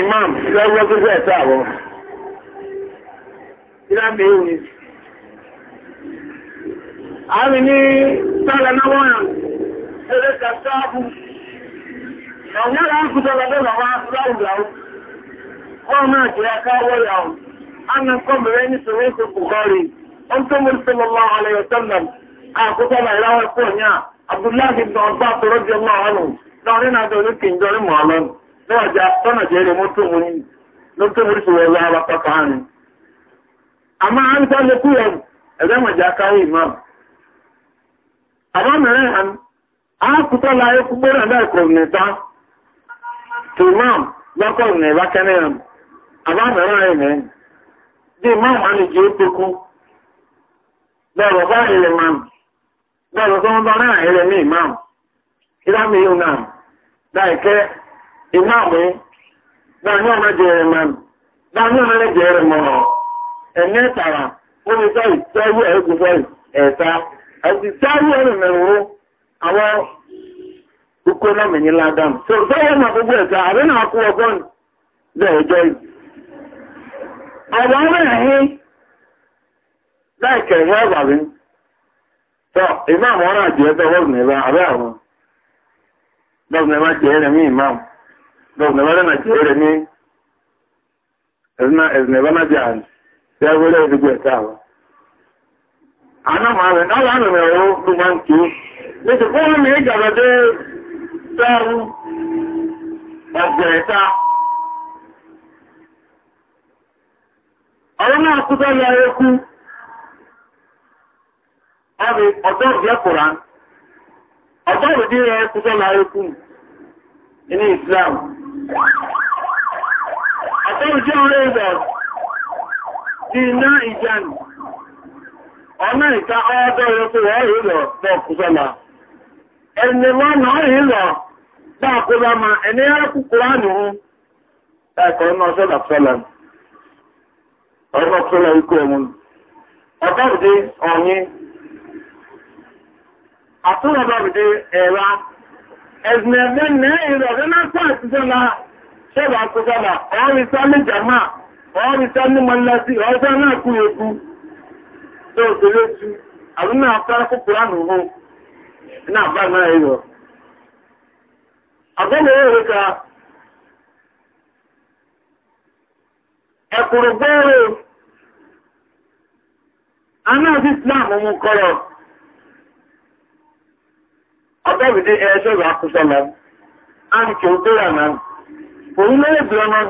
imam lọ́wọ́ gbogbo ẹ̀tọ́ àwọ̀ ìlànà ewu ni a rí ní sọ́lẹ̀ náwọ́ yàn eré kàtà ápù ọ̀wọ́n yàrá ń kùtọ̀ lọ́dọ̀ lọ́wọ́ mmiri abdullahi n'ọjà tọ́nà jẹ́rẹ̀ mọ́tò mọ́ni lọ́tọ́ mọ́rí sọ wọ́n lọ́wọ́ pápá ni. àmọ́ à ń tọ́ lé kú yẹn ẹ̀rẹ́ mọ̀jà imam. àmọ́ mẹ́rẹ̀ hàn á kútọ́ la ẹkú gbọ́dọ̀ náà imam lọ́kọ̀ nìta kẹ́nẹ́ mere àmọ́ mẹ́rẹ̀ hàn mẹ́rin. imam á lè imam. ìmáàmù dání ọmọ jẹrẹ mọ́nù dání ọmọ rẹ mọ́nù ẹ̀mí ẹ̀tàrà omi sọ ìtẹ́wé ẹ̀gùn sọ ẹ̀ta àti sáré àwọn ìmáàmù àjẹ́ wọ́n àwọn jẹ́ ìmáàmù. donc ne wara na chere ni ezna ezne bana jan ya wala ni gwe tawa ana ma we na la me o du me ọrụ na-akụta ya ekwu ọ bụ ọtọ bịapụra ọtọ bụ ya ekwụta na ekwu islam àtọ́jú ọ̀rẹ́ ẹ̀bẹ̀ ní iná ìjánì ọ̀nà ìta ọdọ́ ìrọ́kú wọ́n rí lọ bọ́ọ̀kúsọ́lá ẹni wọ́n náà rí lọ báàkúrá ma ẹni arákùnkúrá nìú láìkọ̀ ọ̀nà ẹ̀sìnẹ̀ẹ́dẹ́ ní ìrọ̀rẹ́ lápá àtijọ́lá ṣẹ́bà kọjọ́lá ọ̀rìsá ní jàmá ọ̀rìsá ní mọ́lẹ́sí ọjọ́ náà kú ekú tó òṣèré tú àwọn náà nù hó náà bá náà ka ọ̀tẹ́bìdé ẹ̀ẹ́sẹ̀ bá kú sẹ́lẹ̀ àti kí ó tóra náà òun lórí ìbìlọ́nà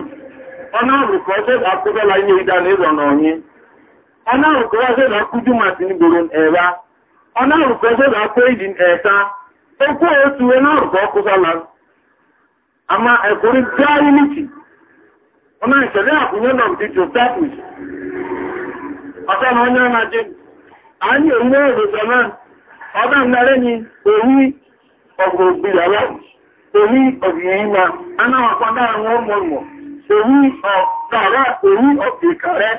ọ̀nà àrùkọ́ ẹ̀ẹ́sẹ̀ bá kú sẹ́lẹ̀ ní ìdáná ìrọ̀nà ọ̀yìn ọ̀nà àrùkọ́ ẹ̀ẹ́sẹ̀ bá kú jùmọ̀ sí ẹ̀rá ọ̀nà àrùkọ́ ẹ̀ẹ́sẹ̀ bá kú ìdí ẹ̀ẹ́ta ó oṣù ẹ̀nà àrùkọ́ kú àmà ẹ̀kọ́rí dárí nìkì ọ̀nà ìṣẹ̀lẹ̀ àkúnyẹ́ náà ti ọgbọ̀ ògbìyàwó èyí ọ̀gbìyàn ma anáwọ̀pá láàrin ọmọ ọmọ èyí ọ̀dára èyí ọ̀kẹ̀kẹ̀rẹ́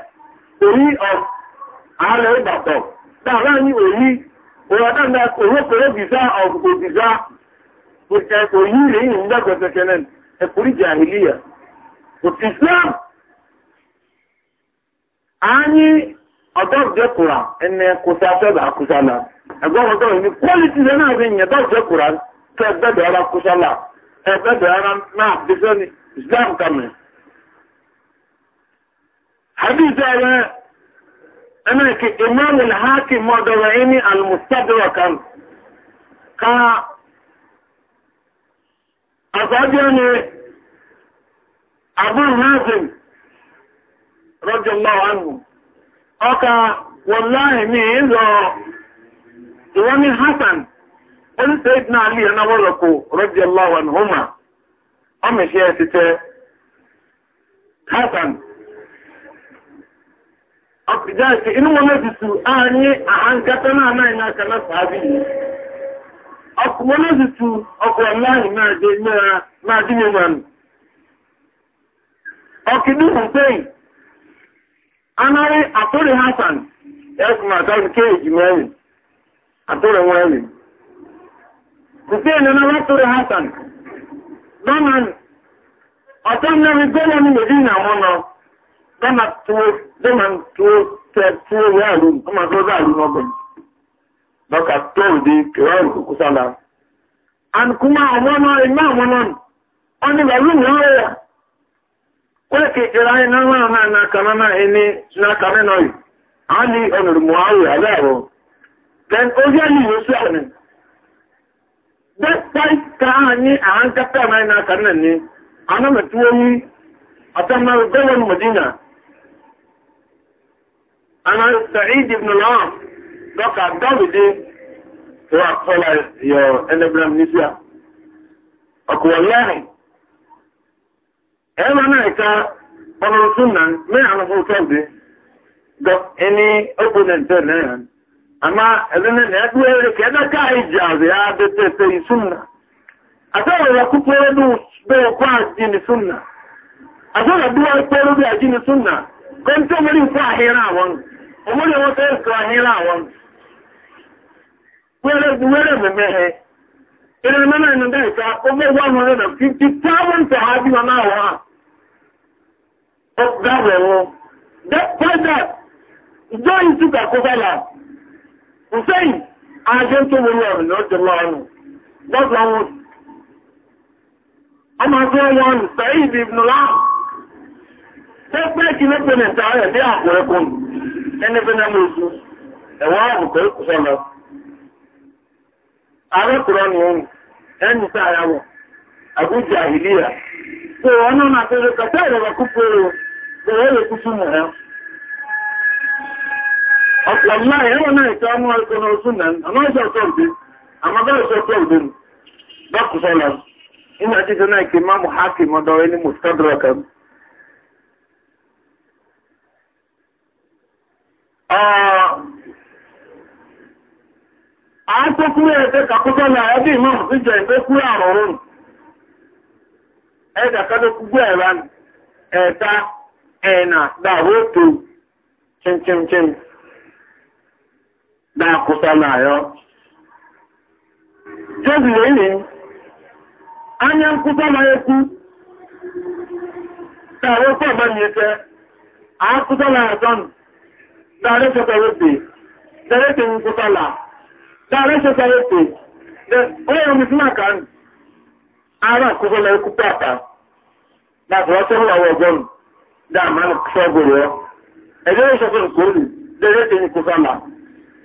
èyí ọ̀hálẹ̀ ìbàtọ̀ dára ní èyí ọ̀rọ̀dáńdá òrókòrò bìzá ọ̀gbọ̀ bìzá èyí rẹ̀ yìí ń dágbẹ̀tẹ̀kẹ̀lẹ̀ ẹ̀kùrí jàhìlíyà òtìsílám anyị ọdọ́jẹ́kùrà ẹni kùsà fẹ́bà kùsà náà ẹgbọ́n ọdọ́ ìní na lẹ́nà àbẹ̀yìn ẹ̀dọ́jẹ́kùrà kẹ́ gbẹ́dọ̀ ara kó sọ́là ẹ gbẹ́dọ̀ ara náà bí sẹ́ni islam kàmì. hadith ẹ̀rẹ́ ẹ̀nà kí imam al-hakim mọ́dọ̀rọ̀ ẹni al-mustadrak kan ká àfájọ́ ni abu hazim radiyallahu anhu ọkà wọláhìí ní ìlọ ìwọ́n ní hasan ẹni na-ali lè na lọ́kọ̀ rọ́bì aláwọ̀ ní homer ọmọ ìṣe ẹ̀ títẹ́ hasan ọkùnjá ìṣe inú wọn lọ́dún sùn ààrin àhánkátá náà náà iná kan náà sàábì yìí ọkùnjá lọ́dún sùn ọkùnjá láàyè náà dé mẹ́ra náà dí hussein hasan بفعل ما وقت رهاتا ضمن أتمنى رجالا من الذين أمنا ضمن توف ضمن توف توف يالون أما غزا لنبن بقى الطول دي كرار كسالا أن كما أمنا إما أمنا أن يبعون يوه ولكن إلهي نوانا نانا كمانا إني نا كمانا علي أمر معاوي هذا هو كان أجاني يسعني despite ka anyị aha nkata na nna nne ana m gọvanọ madina ana sa'id ibn dọka dawidi to akọla yọ enebram n'isia ọkụwa lọrị ẹ̀rọ náà ka ọlọ́run tún náà mẹ́rin àwọn ama ɛdini na ɛdu ɛyɛ kɛ ɛdaka ɛdza ɔdi ya bɛ yi sunna ata ɔyɛ kukuru bi bɛ ɔkɔ adi a sunna ata ɔyɛ du ɔkpɛrɛ bi adi ni sunna kɔntu ɔmɔdi nkɔ ahira awon ɔmɔdi wɔn sɛ nkɔ ahira awon wɛrɛ wɛrɛ mɛmɛ na fifty thousand to ha bi ma ha ɔgba ka nsẹ́yìn ajé tó wọlé ọ̀rọ̀ ló jẹ lọ́rùn lọ́gbà wọn ọmọ wọn sẹ́yìn ibi ìbùnú láà tó pé kí ní pé nìta rẹ̀ dé àkùrẹ́ kùn ẹni fẹ́ náà mọ̀ọ́sù ẹ̀wọ́n àbùkọ́ ìkùsọ̀ lọ. arákùrọ̀ ni ẹni a Ọ̀pọ̀lá ẹ̀rọ náà ìta mú ẹkùnrin ọdún náà, àmọ́ ìjọ ọ̀tọ́ òdí, àmọ́ bẹ́ẹ̀ sọ pé òdí ni, dọ́kùsọ́lá, inú àti ìjọ náà kí máa mú hákì mọ́dọ̀ ẹni mú stọ́dọ̀rọ̀ kan. Àátọ́kúrẹ́ ẹ̀fẹ́ kàkúsọ́lá ẹbí ìmọ̀ ìjọ ìfẹ́ kúrò àrọ̀rùn. Ẹ ẹ̀ta ẹ̀nà dàwó tó chimchimchim na-akwụsọ na ya anya nkwụsọ e na ekwu tawekwa ọgbanyete akwụsọ na azọn dare sosarepe dare te na e onye omisina ara akwụsọ na ekwu papa na kwụsọ na da ma nkwụsọ gwere ya ẹgbẹ́ ìṣọ́fẹ́ ìkórè dare na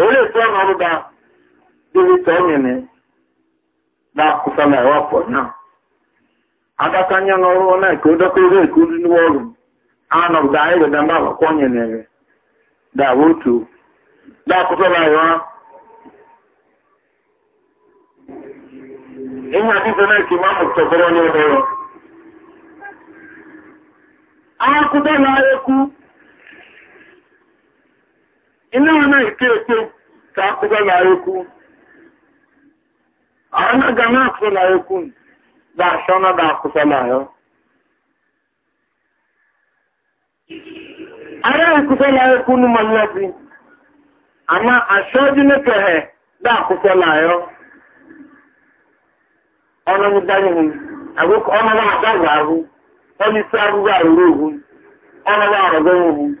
Ewele etu ọrụ ọrụ ga dịrị ka ọ nyere na-akwụsa na ịwa pụọ na. Adaka anya n'ọrụ ọ na-eke ụdọkọ ebe eke ụdị n'ụwa ọrụ. Anọ da anyị weda mba akwụkwọ nyere da otu. Da akwụsa na ịwa. Ihe adịghị na-eke ma mụtọkọrọ n'ụwa ọrụ. Akwụsa na-ekwu iná na-ekpe ekpe ka akụba na ekwu anaga na na ekwu na da na ya ara na ekwu ama ji na kehe da na ya ọnụ agụkọ ọnụ na ga ahụ ọnụ isi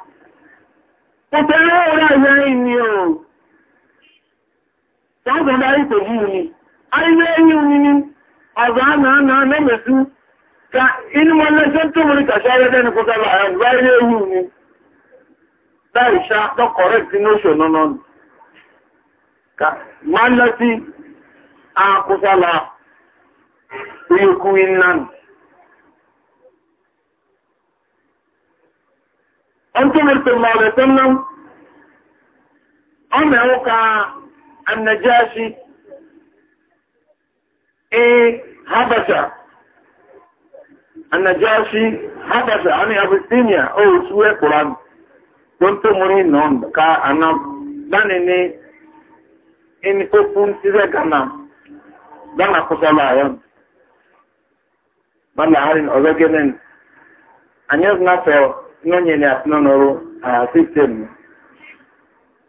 Nítorí ọ̀rọ̀ ìrìn ni o. Ṣọ́gbọ̀n darí kò jí ni. Ayé yìí ni ni, ọ̀gá náà náà lọ́mẹ̀sú, ka inú wọn lẹ́ṣẹ́ tó mú kàṣẹ́ ayẹ́dẹ́ Ka máa lọ أنتم صلى الله عليه وسلم أم يوقع النجاشي إيه حبشة النجاشي حبشة أنا أبستينيا أو سوى قرآن كنت مرين نون كا أنا دانني إن كفون سيزك أنا دانا قصلا يوم بنا هارين أزاكينين أنيز نفسه nyanye ni atino noro a system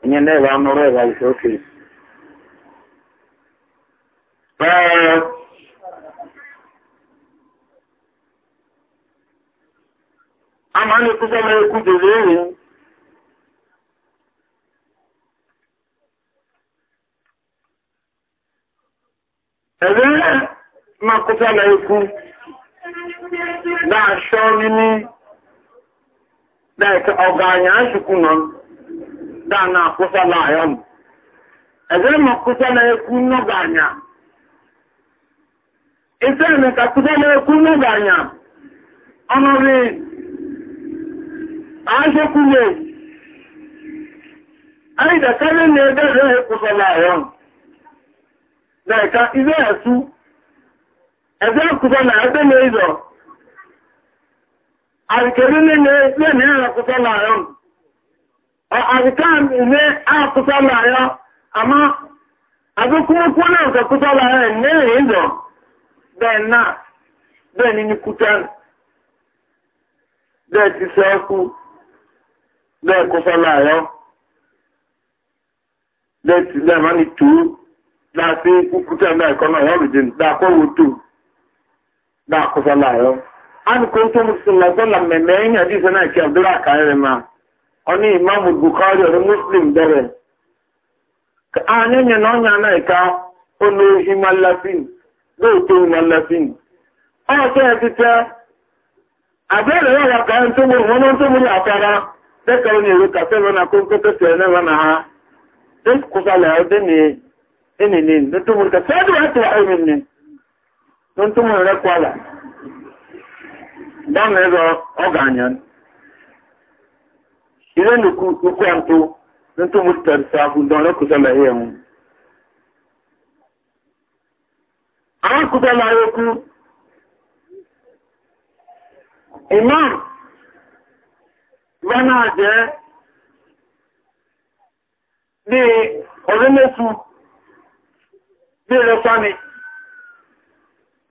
nye ne wa noro wa is okay eh ama ni kuja me ku de lewe Ẹ̀rẹ́ máa kọjá lẹ́kú láàṣọ́ níní dẹ̀kẹ́ ọ̀gànyà ṣùkú nọ na kúsà láàyọ̀ mù ọ na kúsà lẹ́ẹ̀kú nọ̀gànyà ìfẹ́ mi kà kúsà lẹ́ẹ̀kú nọ̀gànyà ọmọ rí àáṣẹ́kúlẹ̀ àìdẹ̀kẹ́lẹ́ ní ẹgbẹ́ rẹ̀ kúsà láàyọ̀ dẹ̀kẹ́ ilé ẹ̀sú ebe na-ezo. àrìkèrè nílé lẹ́nì ha láyọ́ àrìká ilé àkútọ́ láyọ́ àmá àdókúnkún náà kẹkútọ́ láyọ́ ní ìrìnlọ bẹ́ẹ̀ náà bẹ́ẹ̀ ní ní kútẹ́ bẹ́ẹ̀ ti sẹ́ẹ̀kú bẹ́ẹ̀ kútọ́ láyọ́ bẹ́ẹ̀ ti lẹ́ẹ̀ ní tùú láti kúkútẹ́ náà ẹ̀kọ́ náà yọ́ an kuntum sallallahu sallam mai mayan na ke abdura kare ma oni imam bukhari or muslim dere ka na ka ono himalafin do to himalafin o se tita abere ka ntum mo de ka ni ru ka na kun se na na ha de ku sala o de ni ni ni ntum ka se do ha to ni ntum ra dama ezo oganyan ire nuku uku antu ntu mustar safu dono kusala yemu ama kusala yoku imam wana je ni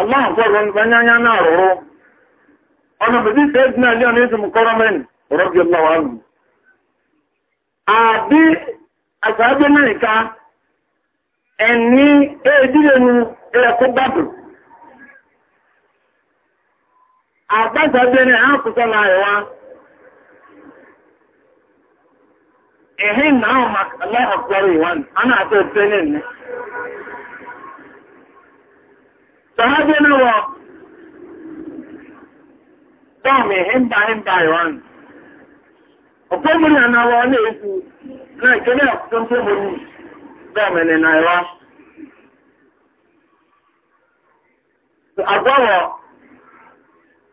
Allah akwai anya na arụrụ ruru ọ̀nà bèbí sẹ́ẹ̀dì náà lé ọ̀nà ètò mọ̀kọ́rọ̀ mẹ́rin rọ́bì ọlọ́wọ́ àrùn àbí àṣàbí náà ìka ẹni èdílé nu ẹ̀kọ́ gbàdù àgbàṣàbí ẹni àkùsọ náà ẹ̀wá na náà ọmọ na ìwọ̀n Sahabi na wọ dọ́ọ̀mì himba himba ìwọ̀n. Ọ̀pọ̀ múlì àná wọ na ìkẹ́lẹ̀ ọ̀pọ̀ tó mú ní dọ́ọ̀mì ní Nàìwá. Àgbọ̀wọ̀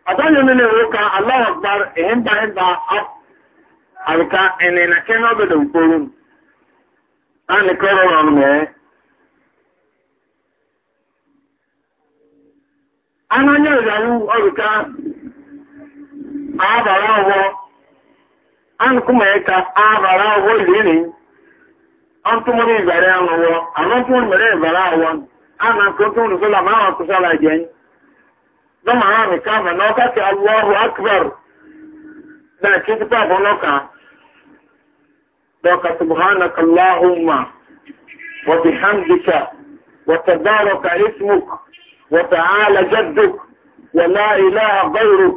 àtọ́yọ̀ nínú ìwé kan aláwọ̀ gbá himba himba àrùka ẹni nà Anáyé ìyàwó ọrùká, ààbàrá ọwọ́, anùkúmọ̀ ẹka ààbàrá ọwọ́ ìlérin, ọ́n tó mú ní ìbẹ̀rẹ̀ ọwọ́, àwọn tó mú mẹ̀rẹ̀ ìbẹ̀rẹ̀ ọwọ́, ánà kó tó mú sọ́lá máa wọn kúsọ́lá jẹ́ Dọ́mà rán mi ká mẹ́ náà káàkiri Allahu Akbar, dáa kí ti pàbọ̀ lọ́kà, dọ́kà Subhanaka Allahumma, wa bihamdika, wa tabaraka ismuka, وتعالى جدك ولا إله غيرك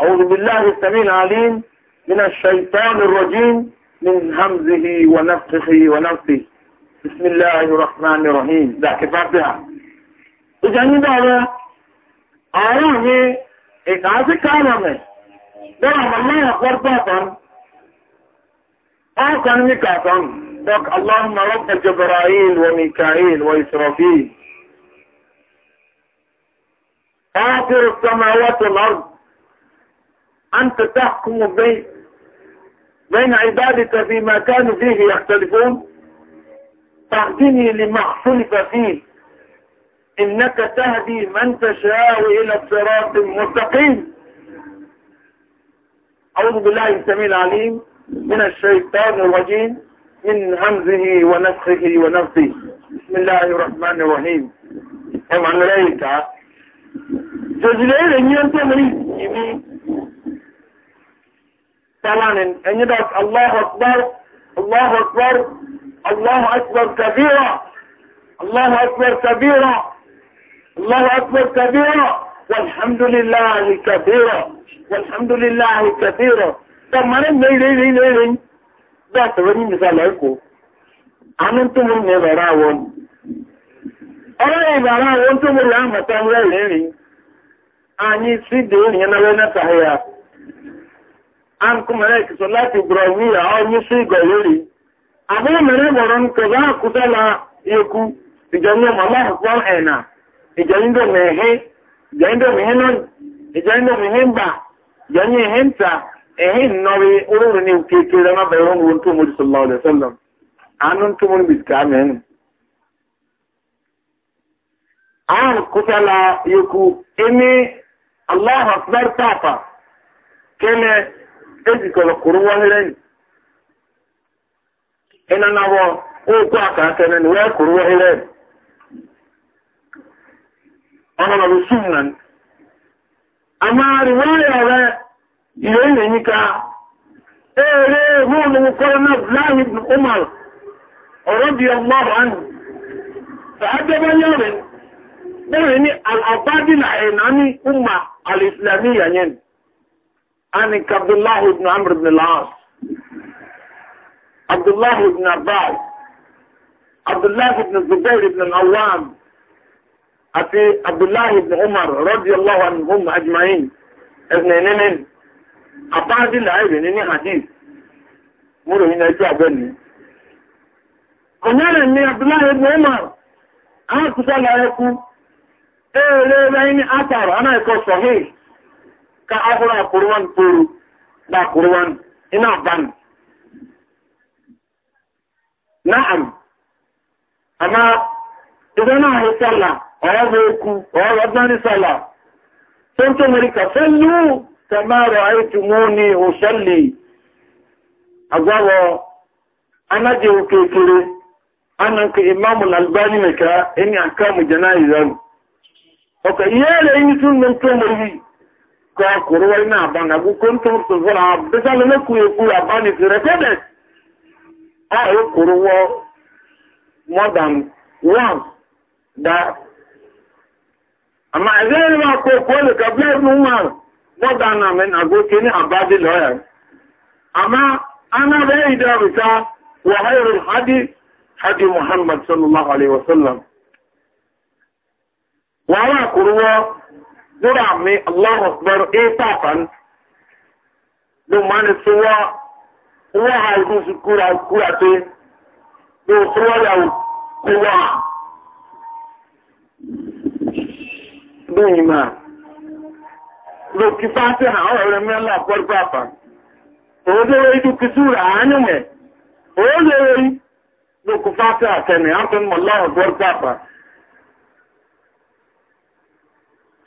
أعوذ بالله السميع العليم من الشيطان الرجيم من همزه ونفخه ونفخه بسم الله الرحمن الرحيم ده كفاتها اجاني بابا آرام ہے ایک آسے کالم ہے درہم اللہ اکبر پاتم آسان اللہم رب جبرائیل وميكائيل وإسرافيل فاطر السماوات والأرض أنت تحكم بين بين عبادك فيما كانوا فيه يختلفون تهدني لما اختلف فيه إنك تهدي من تشاء إلى الصراط المستقيم أعوذ بالله السميع العليم من الشيطان الرجيم من همزه ونفخه ونفسه بسم الله الرحمن الرحيم طبعا رايك Sözleri rengiyen temeli gibi. Salanin. Enye de Allahu Akbar, Allahu Akbar, Allahu Akbar kabira. Allahu Akbar kabira. Allahu Akbar kabira. والحمد لله كثيرا والحمد لله كثيرا تمام نہیں نہیں نہیں نہیں نہیں بس وہی مثال ہے کو انن تم anyị si dị onye na wee nataghị ya ankụ mere ekesa lati brọwi ya onye si gọyeri abụrụ mere mọrọ nke ga akụtala ekwu ìjọnyẹ mọlá ẹkọ ẹnà ìjọnyẹ mẹhẹ ìjọnyẹ mẹhẹ náà ìjọnyẹ mẹhẹ ń bà ìjọnyẹ ẹhẹ ń na ẹhẹ ń nọrí orúurú ní kékeré náà bẹ̀rẹ̀ wọn wọn tó mọ ìṣòlá ọ̀dẹ̀ sọ́lọ̀ àánú tó mọ níbi ìtìká la yòókù ẹni Allah akbar papa kene ezikọrọ kwuru nwahere nyi ịna na bụ okwu aka kene na wee kwuru nwahere nyi ọnọdụ bụ sunna amaghari wee yọrọ ihe na enye ka ere hụ na ụkọrọ na Abdullahi ibn Umar ọrọbi anyị. ka sa'adabanye ọrịa bẹ̀rẹ̀ ni al-abadi na ẹ̀ nani umar al-Islamiyya yin ani Abdullah ibn Amr ibn al-As Abdullah ibn Abbas Abdullah ibn Zubair ibn al-Awwam àti Abdullah ibn Umar radiyallahu anhum ajma'in ẹ̀sìn ẹ̀nẹ́nẹ́ àpáàdì láìrè ní ní hadith múrò yìí náà ẹjọ́ àgbẹ̀ni. Ònyẹ́rẹ̀ ni Abdullah ibn Umar á kúsọ́ lára ẹkú ɗaya zai ni atar ana ko sahih ka ahura kurwan turu da kurwan ina ban na'am amma idan na yi sallah a yanzu ku a yanzu abinani sallah sun ce mari ka sallu kamar ra'aitu muni usalli agwawo ana je kekere anan ka imamul albani mai ka in ya kamu jana'izar ok yele yi sun nan to mari ka kurwai na bana gu kuntum su fara bisal na ku ku abani fi recorded a yi kurwo more than one da amma zai ma ko ko da ka bi mu ma more than na men ago kini abadi lawyer amma ana da ida bisa wa hayrul hadi hadi muhammad sallallahu alaihi wasallam wàhálà kúrúwọ́ lórí àmì aláhùsbẹ́rù étàfán ló máa ní sọ́wọ́ wọ́n ha ìlú sí kúra kúra pé ló sọ́wọ́ yà kúwà lóyìn máa ló kí fásitì àwọn ọ̀rẹ́ mẹ́lá pọ́lú àfà òwúrẹ́ ìdú kìsúra àánú mẹ́ ló kú àtẹnì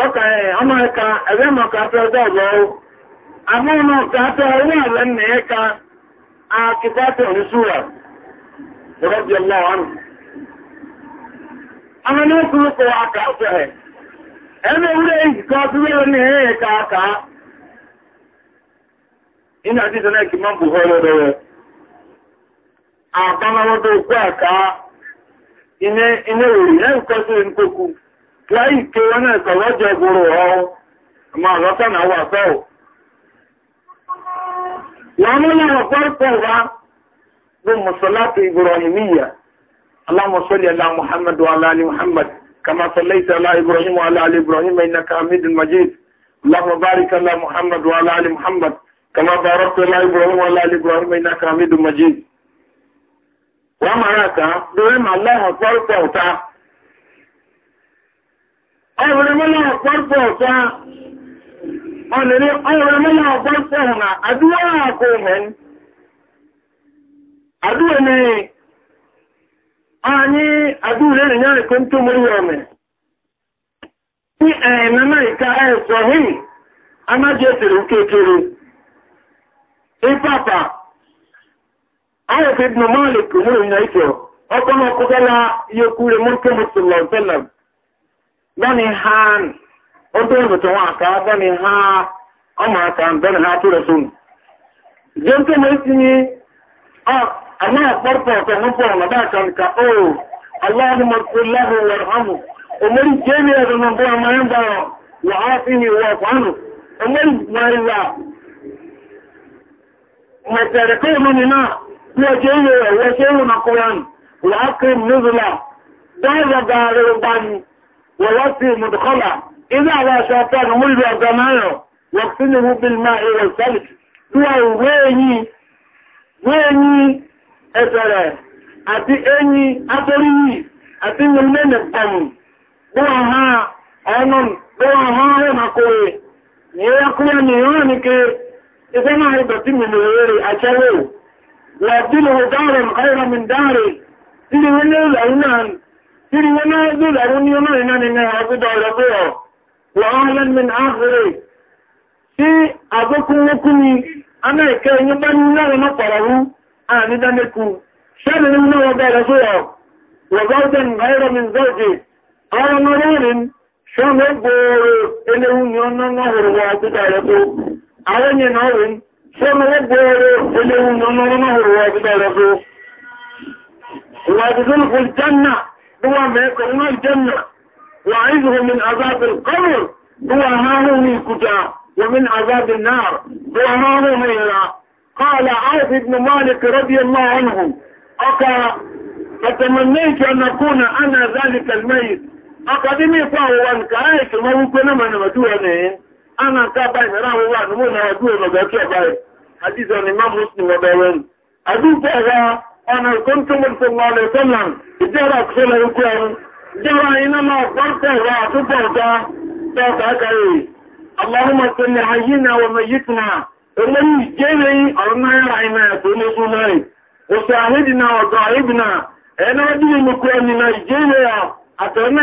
tọ́ka ẹ̀ ọmọ ẹ̀ka ẹ̀lẹ́mọ̀ka afẹ́ ọjọ́ ka amóhùnà kàtà ọzọ àlẹ́ nà ẹ̀ka akitátẹ̀ oníṣúra rọ́bì ọlọ́wọ́n àwọn ní òkú kọ aka ọ̀fẹ́ ẹ̀ ẹ̀mí ewúrẹ́ ìjìká aka inú àti ìtọ́nà ẹ̀kì máa bù họ́ lọ́dọ̀rẹ́ àbámọ́wọ́dọ̀ aka iné ìwòrì ẹ̀ ń kọ́ láì ké wọn náà kọ̀ lọ́jọ́ gbòrò ọ̀hún ọmọ ọ̀lọ́sànà wà sọ́ọ̀ wọ́n mú láwọn pọ́ọ̀pọ̀ wá bí mùsùlùmí ibrahimiyya اللهم صل على محمد وعلى ال محمد كما صليت على ابراهيم وعلى ال ابراهيم انك حميد مجيد اللهم بارك على محمد وعلى ال محمد كما باركت على ابراهيم وعلى ال ابراهيم انك حميد مجيد وما راك دوما الله اكبر توتا ọ mọ́lá ọ̀pọ̀pọ̀ ọ̀fá ọ̀nìrí ọ̀rẹ́ mọ́lá ọ̀pọ̀pọ̀ ọ̀nà àdúwà àkó mẹ́n àdúwà ní ààyí àdúwà rẹ̀ yára kó ń tó mọ́rí ọmọ ní ẹ̀ẹ̀nàmà ìka ẹ̀ẹ̀sọ̀ hìí bẹ́ẹ̀ni ha ó tó ìbùtò wọn àká bẹ́ẹ̀ni ha ọmọ àká bẹ́ẹ̀ni ha tó rẹ̀ sóhùn. jẹun tó mọ̀ sí ni àmọ́ àpọ̀pọ̀ ọ̀tọ̀ mú pọ̀ ọ̀nà bá kan ká ó aláàánú mọ̀ tó lẹ́hu wọ̀rọ̀hámù òmórí jẹ́mi ẹ̀rọ mọ̀ bọ́ ọmọ ẹ̀ ń bọ̀ wà fi ni wọ̀ ọ̀pọ̀nù òmórí ọjọ́ ìwé ẹ̀wọ́ ṣe ń rùn akọ̀wé wà kí nùzùlà dáhùn bàbá rẹ̀ bá ووصي مدخلا إذا لا شيطان ولد أقامانه واغسله بالماء والثلج هو ويني ويني أسرى أتي أني أتري أتي من من الطم بوها أنم بوها يا مكوي يقول نيونك إذا ما هيبتي من غيري أشوي وأبدله دارا خيرا من داري تلي ولي الأيمان إلا نازل أرون يمين أن نعبد على وأهلا من آخره سي أبوكم وكمي أنا كأن يبنينا ونقره أنا دانكو شرنا وقال زوره وزوجا غير من زوجه قال مرور شام يقول إنه يوم النهر وعبدالته أولي نهر شام يقول إنه يوم النهر وعبدالته وعبدالته الجنة هو ما يدخلون الجنة وعيده من عذاب القبر هو هو من كجا ومن عذاب النار هو هو ميلا قال عوف بن مالك رضي الله عنه أكا فتمنيت أن أكون أنا ذلك الميت أقدمي فاو وان عايش ما يكون من مدوانين أنا كابين راه الله نمونا ودوه مدوانين حديث عن إمام مسلم وبيوين أدوك أغا ọ̀nà ìkóntúmù sallallahu alaihi wasallam ìjẹ́rà kúrò ikú ẹ̀rùn jẹ́rà iná máa pọ́ntẹ̀ rọ àtúbọ̀ ọ̀dá tọ́ọ̀tà kẹrì Allahumma salli hayyina wa mayyitina eléyìí jẹ́rẹ̀ ọ̀rọ̀ náírà iná ẹ̀kọ́ ní súnmọ́rì òṣè àhídìna ọ̀dọ̀ àhíbìna ẹ̀nà ọdún ìmọ̀kú ẹni na ìjẹ́rẹ̀ àtọ̀nà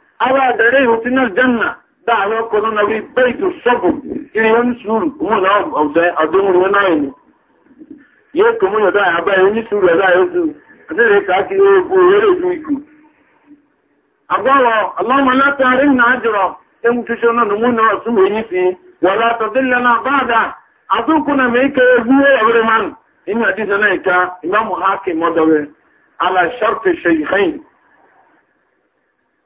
awa da rai hutunar janna da a yau kwanan na wai bai to sabu iri wani suru kuma na abin ruwa na yi ya kuma ya za a bai wani suru ya za a yanzu a zai rai ka ake yi ko ya rai su iku agbawa allahumma la tarin na ajira in mutu shi na numu na su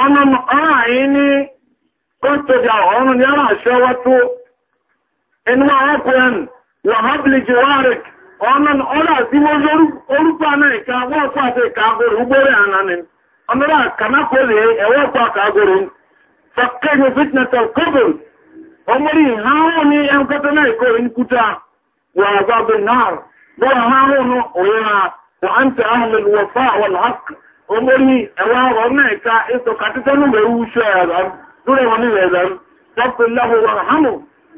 ọ̀nà ààrín ní kọ́tọ̀dà ọ̀run ní ara ṣẹ́wọ́tó inú ọkùnrin lọ́hábìlì jùwárìk ọ̀nà ọ̀rà sí orúkọ náà ìka wọ́pọ̀ àti ìka agoro ugbórí ànánì ọmọdé àkànákòlè ẹ̀wọ́pọ̀ àkà agoro fọ́kẹ́gbẹ̀ fitness of kọ́bùn ọmọdé ìhárùn ní ẹnkọ́tọ̀ náà ìkó ìkúta omori ẹwà ọ̀rọ̀ na eka ètò kàtítọ́nù rẹ̀ wúṣọ ẹ̀rọ lórí wọn nílẹ̀ ẹ̀rọ tọ́pù lọ́wọ́ wọn hánù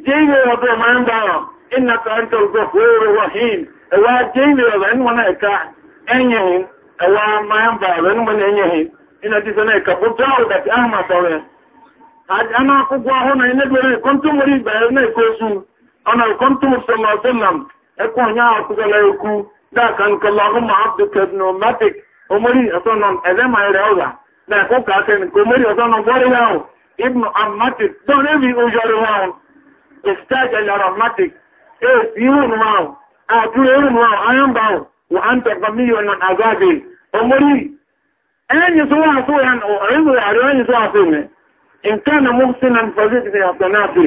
jẹ́ ìwé ọdún ọmọ ń dára iná tọ́ntọ́ gbọ́kú orí wọ́n hìn ẹwà jẹ́ ìwé ọ̀rọ̀ ẹni wọn náà ká ẹ̀yìn ẹwà máa ń bá ọ̀rọ̀ omori ọtọnọ ẹlẹma ẹrẹ ọla na ẹkọ kàákẹ ní omori ọtọnọ gbọrí wa o ibnu amatik dọ́n ebi ojọri wa o ìsitájẹ yàrá amatik èsì irun wa o àtúrò irun wa o ayọ́nba o wà á ń tẹ̀kọ́ mílíọ̀nù àgáde omori ẹ̀yìn tó wà tó yàn o ẹ̀yìn àrẹ ẹ̀yìn tó wà tó mẹ́ nǹkan na mọ́sí na nfọ̀sí ti yàtọ̀ náà fi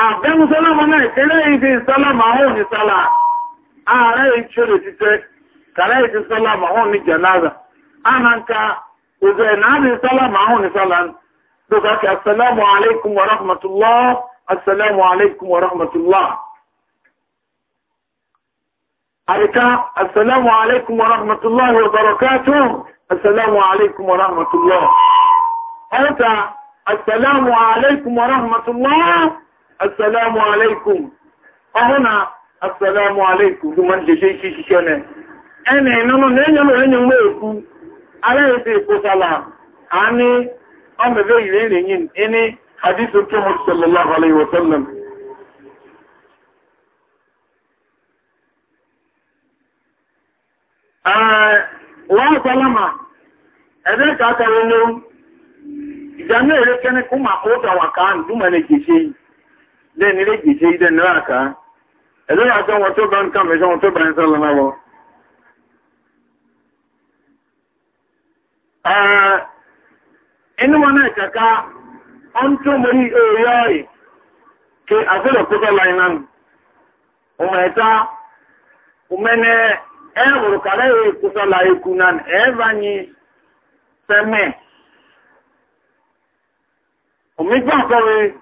Àbẹ́mú sọ́lọ́mọ náà ìpínlẹ̀ ìdí sọ́lọ́mọ àwọn òní sọ́lá. Ààrẹ ìṣòro títẹ́, kàrẹ́ ìdí sọ́lọ́mọ àwọn òní jẹ̀láza. A na nka òzò ẹ̀nà àbí sọ́lọ́mọ àwọn òní sọ́lá. Dókàkì, Assalamu alaikum wa assalamu alaikum ọhụ na assalamu alaikum bụ ma njeje ike ikike ne na enye mere enye nwa ekwu ala ebe ekposala ani ọmebe yiri erenyi ene hadith nke mu sallallahu alaihi wa sallam wa ka ìjà náà eré kẹ́ni kó máa dàwà káà ń ní dai ni rage shi idan na aka idan ya san wato ban kan mai san wato ban sallama ba ah inu mana kaka an to muri o yayi ke asira kuka lainan umaita umene e wuru kala e kusa lai kunan e vanyi seme umigba kowe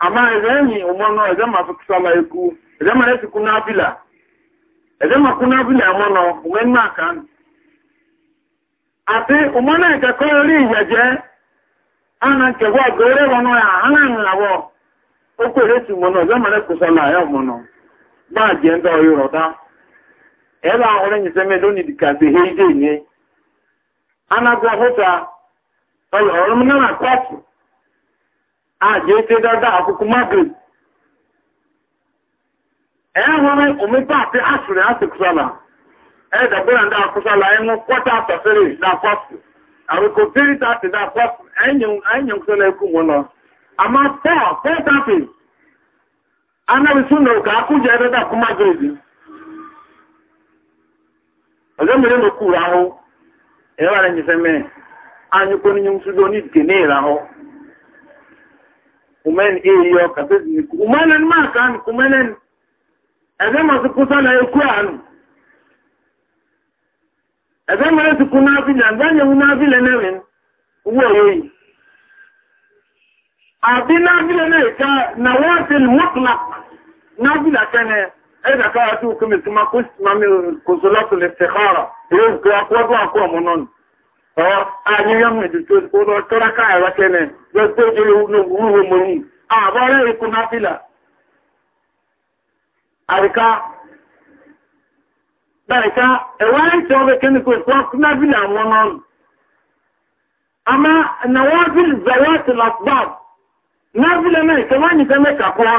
amma idan yi umarno idan ma fi kusa ma iku idan bila idan ma bila umarno umen ma ati koyori ana nke gore wono ya ana nlawo o kwere si umarno idan ma yasi ya umarno ba je ndo yoro da ebe ahụrụ nyi seme do ni dikase heide ni ana gwa hota na na kwatu àjẹ́sẹ́ dáadáa àkókò magrib ẹ̀hùn omipa àti asìrì àti kùsàlà ẹ̀dàgbọ́nà dáa kùsàlà ẹ̀mú pọ́tà àtàfẹ́rẹ́ dáa pọ́sù àrùkò bírí tàti dáa pọ́sù ẹ̀yìn kùsàlà ẹ̀kú wọn lọ àmà pọ́ pọ́ tàti anábìsúnà òkà àkójẹ ẹ̀dàdà kú mìíràn ló ọ ẹ̀rọ àrẹ̀ ní kumen iyo kabisa kumenen ma kan kumenen ebe masu kusa na eku anu ebe mere su kuna bila nga nye wuna bila nemin uwe oyi abi na bila ne ka na wasil mutlaq na bila kene eda ka atu kumis ma kus ma min kusulatul istikhara rizqi akwadu akwa munon àyíyá mẹ̀dùtò ìpòrò tọ́ráká ẹ̀rọ́kẹ́nẹ̀ lọ́gbẹ́ ìjọrò olóòwò mọ̀rí àbọ́rẹ́ ikú náfílà àríká dáríká ẹ̀wọ́ ẹ̀ṣẹ́ ọmọ kẹ́nìkò ìpòrò náfílà wọn náà àmá nàwọ́bìl zẹ̀wọ́tì lọ́gbàb náfílà náà ìkẹwàá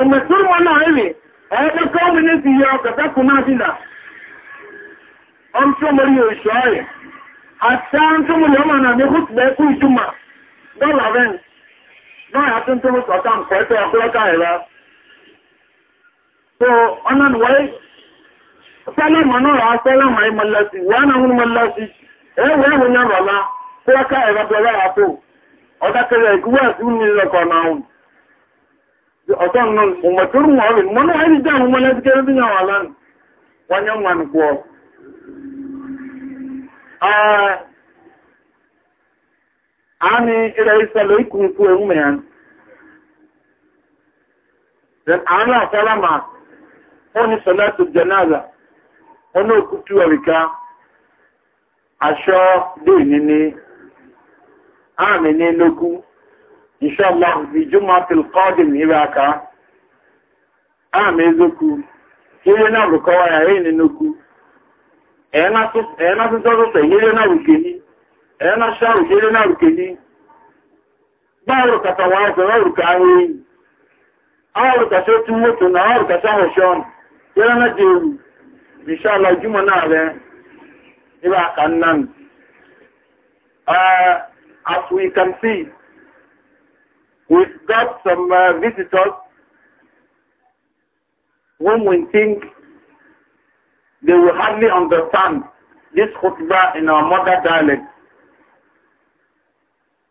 ọmọ ìṣúrù wọn náà rẹ̀ ẹ̀ẹ́dẹ́ kọ́ mi ní ti yẹ ọkàtà kù máa dínà ọmọ tó mọ̀rí òṣọ́ rẹ̀ àti àwọn tó mọ̀rí ọmọ náà ní kùtù bẹ́ẹ̀ kú ìjùmọ̀ dọ́là rẹ̀ náà so ọ̀nà ìwáyé sálẹ̀mọ̀ náà rà sálẹ̀mọ̀ ìmọ̀lẹ́sì wọ́n náà ń mọ̀lẹ́sì ẹ̀wọ̀ ẹ̀wọ̀ nyàrọ̀lá kọ́lọ́kà ẹ̀rọ bẹ̀rẹ̀ àpò sí ní ìrẹ̀kọ̀ náà ọ̀tọ́n nan umatur mu'amin mọ́nà ẹni dáhùn mọ́nà ti kẹrẹ bí yàwó aláàrùn wọ́n yẹn wọn kọ́ a ní ilẹ̀ ìsẹ̀lẹ̀ ikùn fún ẹ̀hún mẹ́yàn then a ní àfẹ́lá ma ó ní sọ̀lá tó jẹ́nàzà ó ní òkútù ẹ̀ríká aṣọ dé ní ní àmì ní lógún inshallah bi jumatil qadim ibaka amezoku kire na ruko wa yare ni nuku e na tu e na tu to se kire na ruke ni e na sha kire na ruke ni ba ru ka ta wa so ru ka ni awru ka so tu mutu na awru ka sa juma na re ibaka nan uh, ah, as we can see We've got some uh, visitors whom we think they will hardly understand this khutbah in our mother dialect.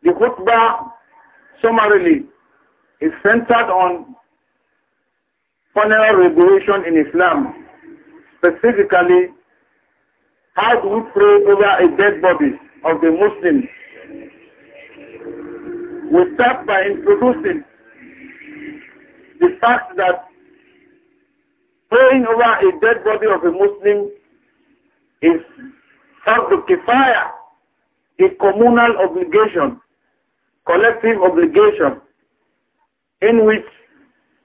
The khutbah, summarily, is centered on funeral regulation in Islam, specifically how do we pray over a dead body of the Muslims we start by introducing the fact that praying over a dead body of a Muslim is fardu kifaya, a communal obligation, collective obligation, in which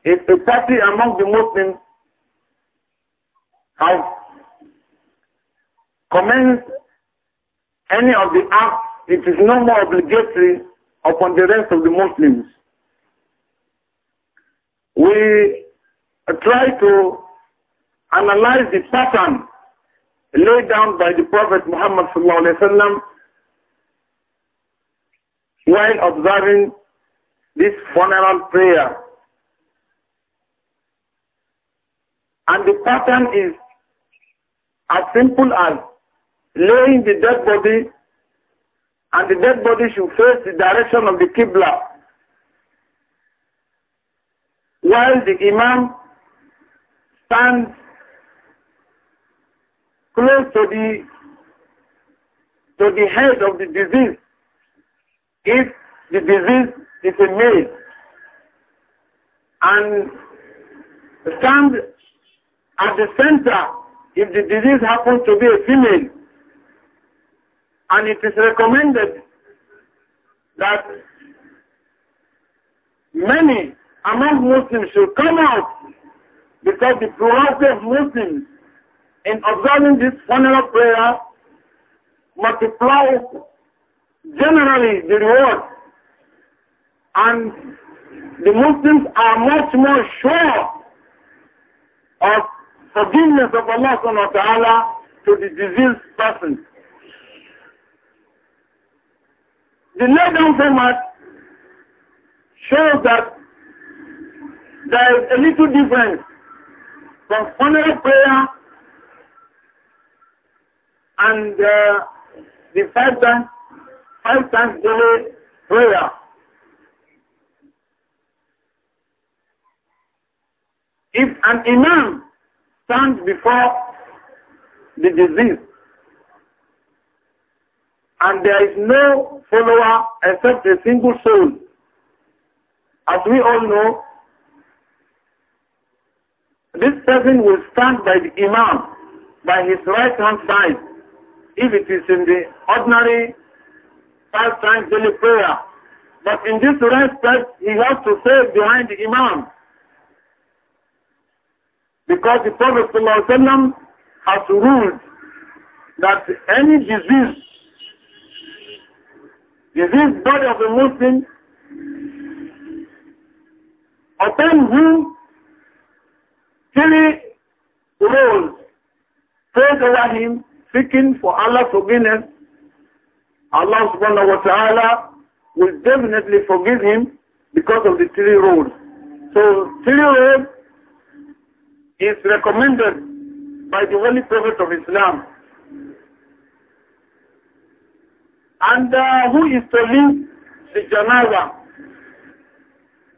if a party among the Muslims have commenced any of the acts, it is no more obligatory upon the rest of the Muslims. We try to analyze the pattern laid down by the Prophet Muhammad sallam, while observing this funeral prayer. And the pattern is as simple as laying the dead body and the dead body should face the direction of the Qibla. While the Imam stands close to the to the head of the disease, if the disease is a male, and stands at the center if the disease happens to be a female. And it is recommended that many among Muslims should come out because the plurality of Muslims in observing this funeral prayer multiply generally the reward and the Muslims are much more sure of forgiveness of Allah subhanahu wa ta'ala to the diseased person. The laydown format shows that there is a little difference from funeral prayer and uh, the five times five times daily prayer. If an imam stands before the deceased and there is no follower except a single soul. As we all know, this person will stand by the Imam, by his right hand side, if it is in the ordinary five times daily prayer. But in this respect, he has to stay behind the Imam. Because the Prophet ﷺ has ruled that any disease this body of a Muslim upon whom three rose prayed over him, seeking for Allah's forgiveness, Allah subhanahu wa ta'ala will definitely forgive him because of the three roads. So three roads is recommended by the Holy Prophet of Islam and uh, who is to lead the janaza.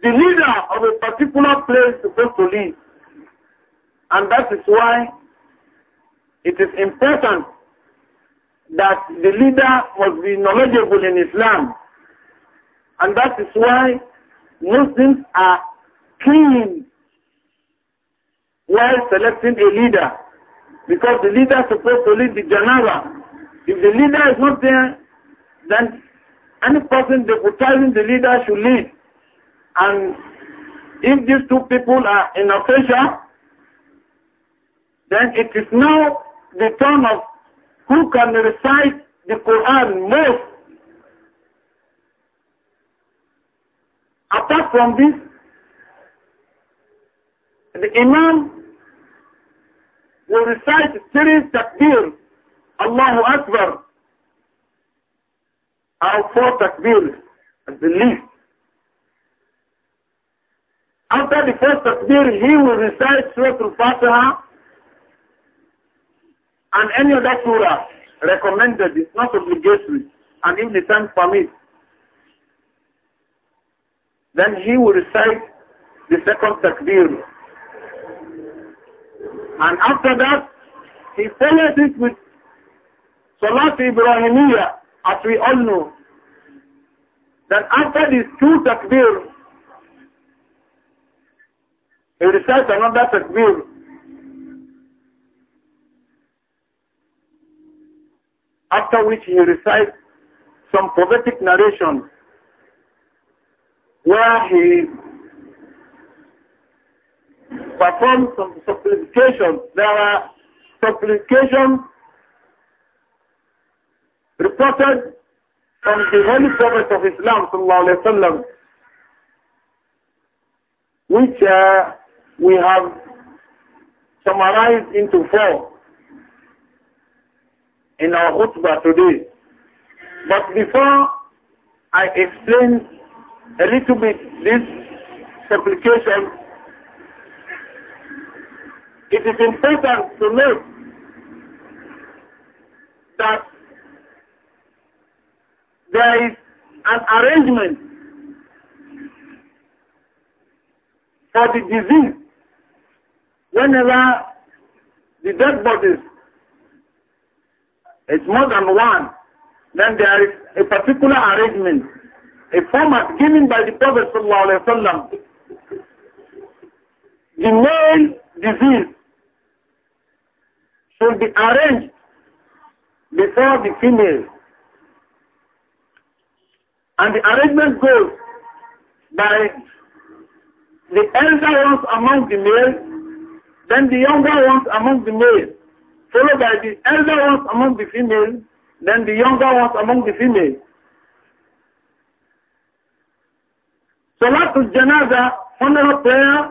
The leader of a particular place is supposed to lead. And that is why it is important that the leader must be knowledgeable in Islam. And that is why Muslims are keen while selecting a leader. Because the leader is supposed to lead the janaza. If the leader is not there, then any person deputizing the leader should lead. And if these two people are in official, then it is now the turn of who can recite the Quran most. Apart from this, the Imam will recite three takbir, Allahu Akbar, our four takbir at the least. After the first takbir, he will recite Surah Al-Fatiha and any other surah recommended. It's not obligatory. And if the time permits, then he will recite the second takbir. And after that, he follows it with Salat Ibrahimiyah, as we all know, that after these two takbir, he recites another takbir. After which he recites some prophetic narration, where he performs some supplication. There are supplications reported from the Holy Prophet of Islam sallallahu wasallam, which uh, we have summarized into four in our khutbah today. But before I explain a little bit this supplication, it is important to note that there is an arrangement for the disease whenever the dead bodies is more than one, then there is a particular arrangement, a format given by the Prophet ﷺ. The male disease should be arranged before the female. And the arrangement goes by the elder ones among the males, then the younger ones among the males, followed by the elder ones among the females, then the younger ones among the females. the Janaza, funeral prayer,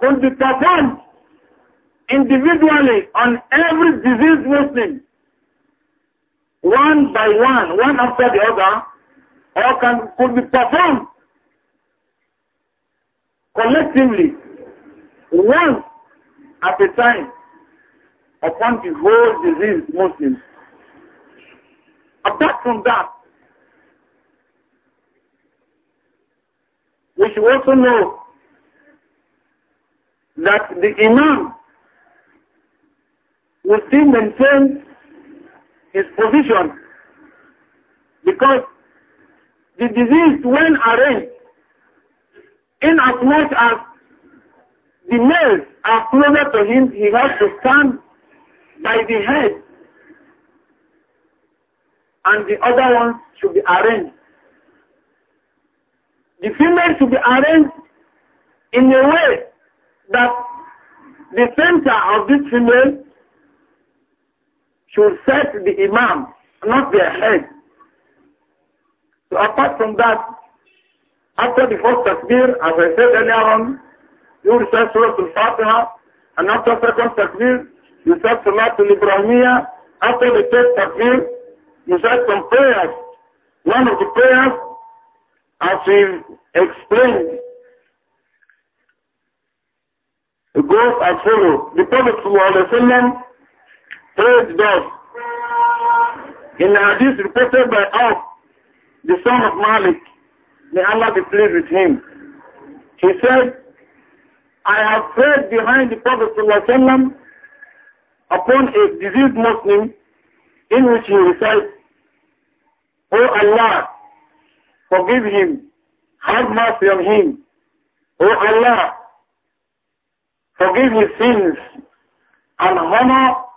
could be performed individually on every diseased Muslim one by one, one after the other, or can could be performed collectively, one at a time, upon the whole disease Muslims. Apart from that, we should also know that the Imam will still maintain His position, Because the disease, when arranged, in as much as the males are closer to him, he has to stand by the head. And the other ones should be arranged. The female should be arranged in a way that the center of this female should set the imam, not their head. So apart from that, after the first takbir, as I said earlier on, you recite Surah Al-Fatiha, and after second takbir, you recite Salat Al-Ibrahimiyya, after the third takbir, you recite some prayers. One of the prayers, as we explained, it goes as follows. The Prophet Sallallahu Alaihi Wasallam praise God. In the hadith reported by us, the son of Malik, may Allah be pleased with him. He said, I have prayed behind the Prophet wasallam upon a diseased Muslim in which he recites, O oh Allah, forgive him, have mercy on him. O oh Allah, forgive his sins and honor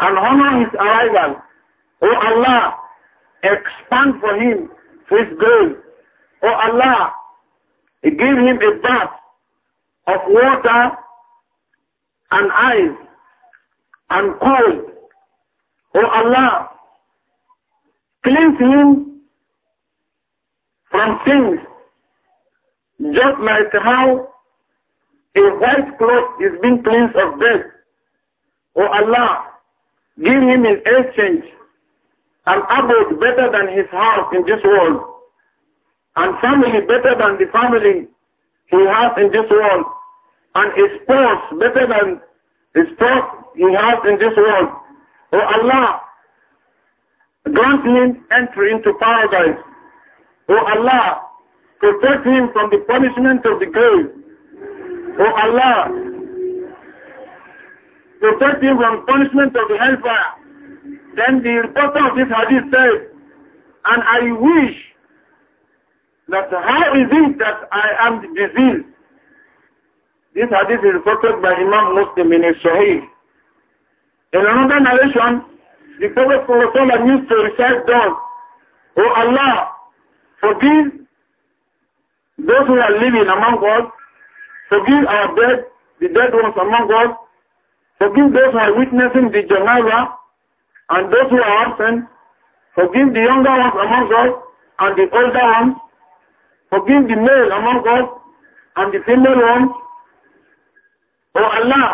and honor his arrival. O Allah, expand for him his grave. O Allah, give him a bath of water and ice and cold. O Allah, cleanse him from things just like how a white cloth is being cleansed of death. O Allah, Give him in exchange an abode better than his house in this world, and family better than the family he has in this world, and his spouse better than the spouse he has in this world. Oh Allah, grant him entry into paradise. Oh Allah, protect him from the punishment of the grave. Oh Allah, protect him from punishment of the hellfire. Then the reporter of this hadith says, and I wish that how is it that I am diseased? This hadith is reported by Imam Muslim in his Sahih. In another narration, the Prophet Prophet used to recite those, O oh Allah, forgive those who are living among us, forgive our dead, the dead ones among us, Forgive those who are witnessing the janaza and those who are absent. Forgive the younger ones among us and the older ones. Forgive the male among us and the female ones. O oh Allah,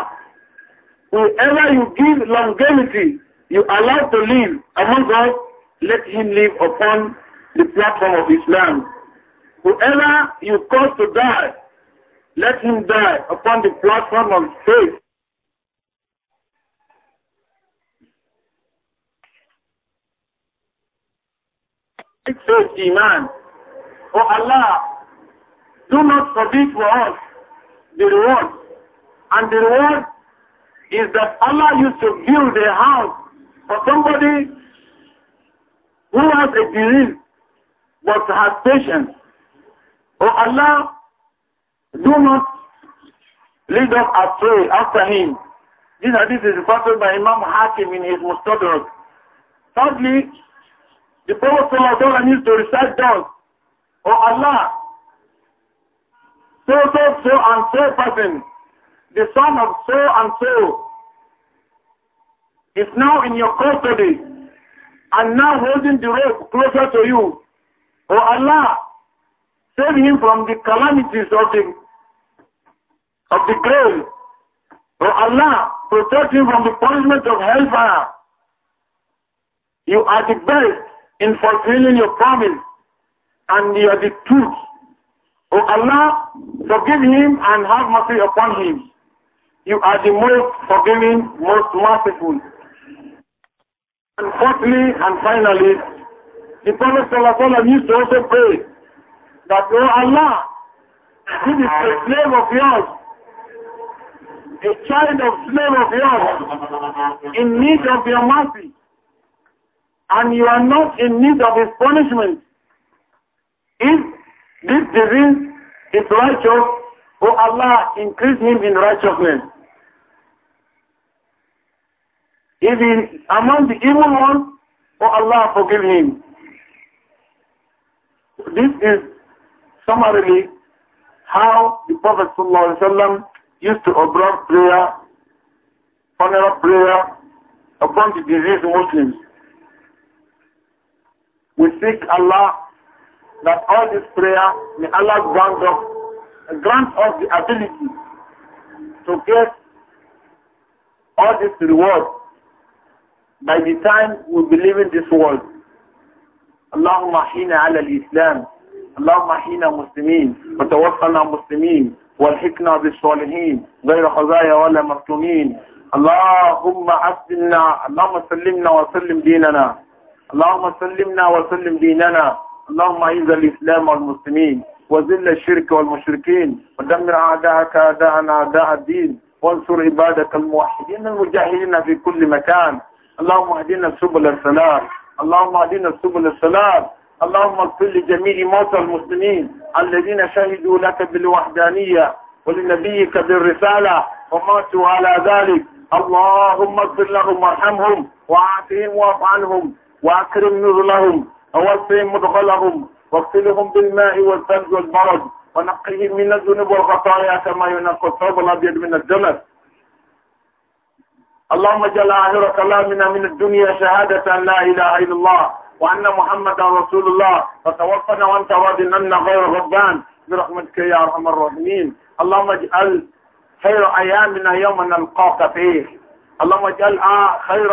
whoever you give longevity, you allow to live among us, let him live upon the platform of Islam. Whoever you cause to die, let him die upon the platform of faith. It says Iman. O Allah, do not forbid for us the reward. And the reward is that Allah used to build a house for somebody who has a disease but has patience. O oh Allah, do not lead us astray after him. This hadith is reported by Imam Hakim in his Mustadrak. Thirdly, the Prophet Sallallahu needs to recite down. Oh Allah, so, so, so and so person, the son of so and so, is now in your custody and now holding the rope closer to you. Oh Allah, save him from the calamities of the, of the grave. Oh Allah, protect him from the punishment of hellfire. You are the best in fulfilling your promise and your the truth. O Allah, forgive him and have mercy upon him. You are the most forgiving, most merciful. And fourthly and finally, the Prophet ﷺ used to also pray that, O Allah, this is a slave of yours, a child of slave of yours, in need of your mercy and you are not in need of his punishment. If this disease is righteous, O Allah, increase him in righteousness. If he among the evil ones, O Allah, forgive him. This is summarily how the Prophet used to observe prayer, funeral prayer upon the diseased Muslims. We seek Allah that all this prayer may Allah grant us, grant us the ability to get all this reward by the time we we'll be leaving this world. اللهم احينا على الإسلام اللهم احينا مسلمين وتوفنا مسلمين والحقنا بالصالحين غير خزايا ولا مفتونين اللهم أسلمنا اللهم سلمنا وسلم ديننا اللهم سلمنا وسلم ديننا اللهم اعز الاسلام والمسلمين وذل الشرك والمشركين ودمر اعداءك اعداءنا اعداء الدين وانصر عبادك الموحدين المجاهدين في كل مكان اللهم اهدنا سبل السلام اللهم اهدنا سبل السلام اللهم اغفر لجميع موتى المسلمين الذين شهدوا لك بالوحدانية ولنبيك بالرسالة وماتوا على ذلك اللهم اغفر لهم وارحمهم وعافهم واعف عنهم وأكرم نزلهم أوسعهم مدخلهم واغسلهم بالماء والثلج والبرد ونقهم من الذنوب والخطايا كما ينقى الثوب الأبيض من الدنس اللهم اجعل آخر كلامنا من الدنيا شهادة أن لا إله إلا الله وأن محمدا رسول الله فتوفنا وأنت راض عنا غير غضبان برحمتك يا أرحم الراحمين اللهم اجعل خير أيامنا يوم نلقاك فيه اللهم اجعل خير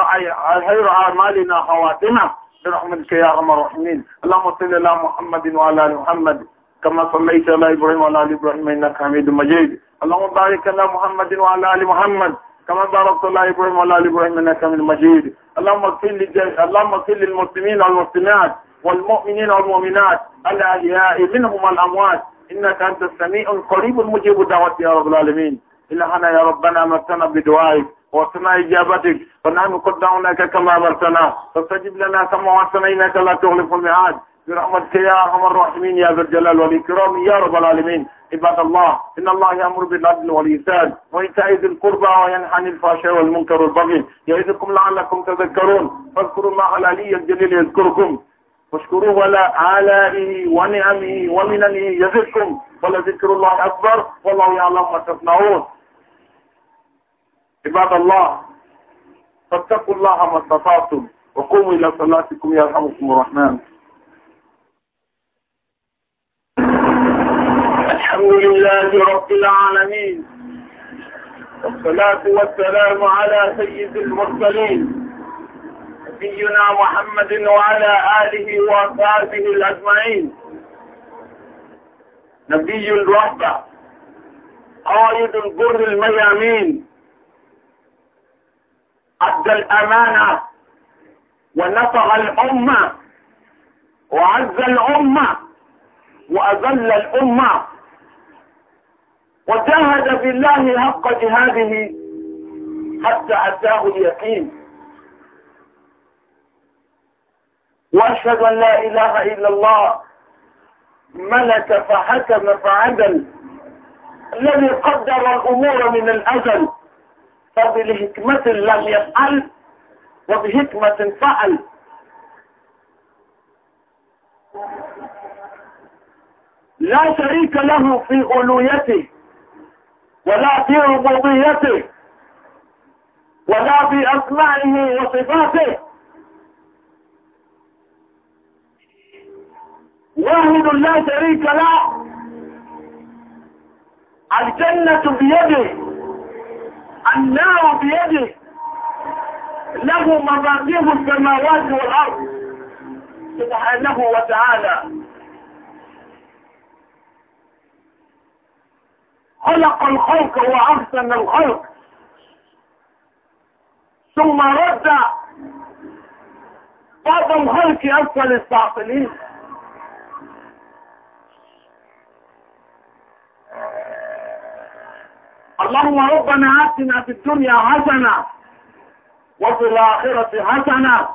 خير اعمالنا خواتنا برحمتك يا ارحم الراحمين اللهم صل على محمد وعلى ال محمد كما صليت على ابراهيم وعلى ال ابراهيم انك حميد مجيد اللهم بارك على محمد وعلى ال محمد كما باركت على ابراهيم وعلى ال ابراهيم انك حميد مجيد اللهم صل اللهم صل للمسلمين والمسلمات والمؤمنين والمؤمنات الاحياء منهم الاموات انك انت السميع القريب المجيب الدعوات يا رب العالمين الهنا يا ربنا مسنا بدعائك واسمع إجابتك فنحن قدرناك كما أمرتنا فاستجب لنا كما وعدتنا إنك لا تغلق الميعاد برحمتك يا أرحم الراحمين يا ذا الجلال والإكرام يا رب العالمين عباد الله إن الله يأمر بالعدل والإحسان وإيتاء ذي القربى وينهى عن الفحشاء والمنكر والبغي يعظكم لعلكم تذكرون فاذكروا الله العلي الجليل يذكركم واشكروه على آلائه ونعمه ومننه يزدكم ولذكر الله أكبر والله يعلم ما تصنعون عباد الله فاتقوا الله ما استطعتم وقوموا إلى صلاتكم يرحمكم الرحمن الحمد لله رب العالمين والصلاة والسلام على سيد المرسلين نبينا محمد وعلى آله وأصحابه الأجمعين نبي الرحبة قائد البر الميامين أدى الأمانة ونصر الأمة وعز الأمة وأذل الأمة وجاهد بالله حق جهاده حتى أتاه اليقين وأشهد أن لا إله إلا الله ملك فحكم فعدل الذي قدر الأمور من الأزل فبالحكمة لم يفعل وبحكمة فعل لا شريك له في ألويته ولا في ربوبيته ولا في أسمائه وصفاته واحد لا شريك له الجنة بيده النار بيده له مراتب السماوات والأرض سبحانه وتعالى خلق الخلق وأحسن الخلق ثم رد بعض الخلق أسفل الساقلين اللهم ربنا آتنا في الدنيا حسنة وفي الآخرة حسنة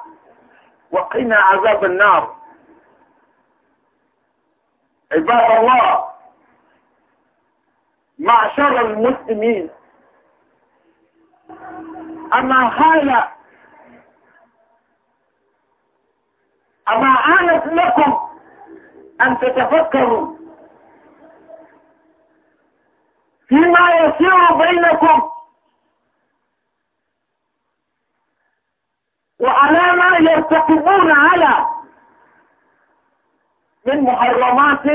وقنا عذاب النار عباد الله معشر المسلمين أما حال أما آلت لكم أن تتفكروا فيما يسير بينكم وعلى ما يرتكبون على من محرمات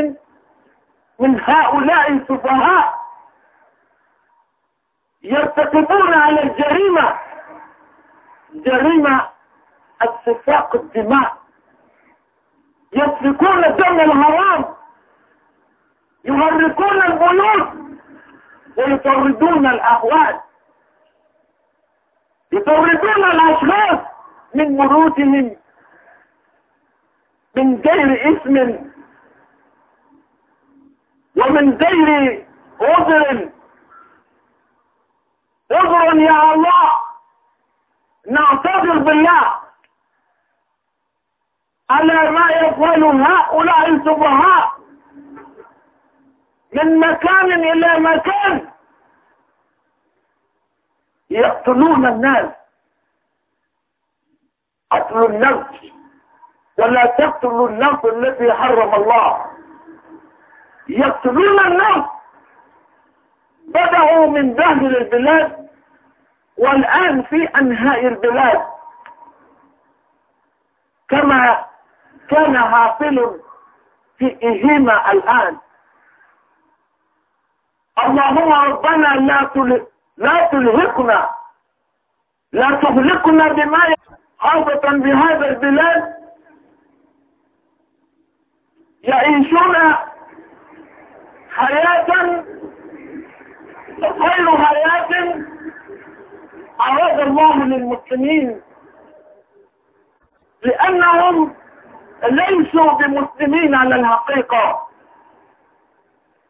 من هؤلاء السفهاء يرتكبون على الجريمة جريمة السفاق الدماء يسفكون دم الهرام يغرقون البيوت ويطردون الأهوال يطردون الأشخاص من مروتهم من غير اسم ومن غير عذر عذر يا الله نعتذر بالله على ما يفعل هؤلاء السفهاء من مكان إلى مكان يقتلون الناس قتل النفس ولا تقتلوا النفس التي حرم الله يقتلون النفس بدأوا من داخل البلاد والآن في أنهاء البلاد كما كان حاصل في إهيما الآن اللهم ربنا لا تل... لا تلهقنا لا تهلكنا بما خاصة بهذا البلاد يعيشون حياة غير حياة أراد الله للمسلمين لأنهم ليسوا بمسلمين على الحقيقة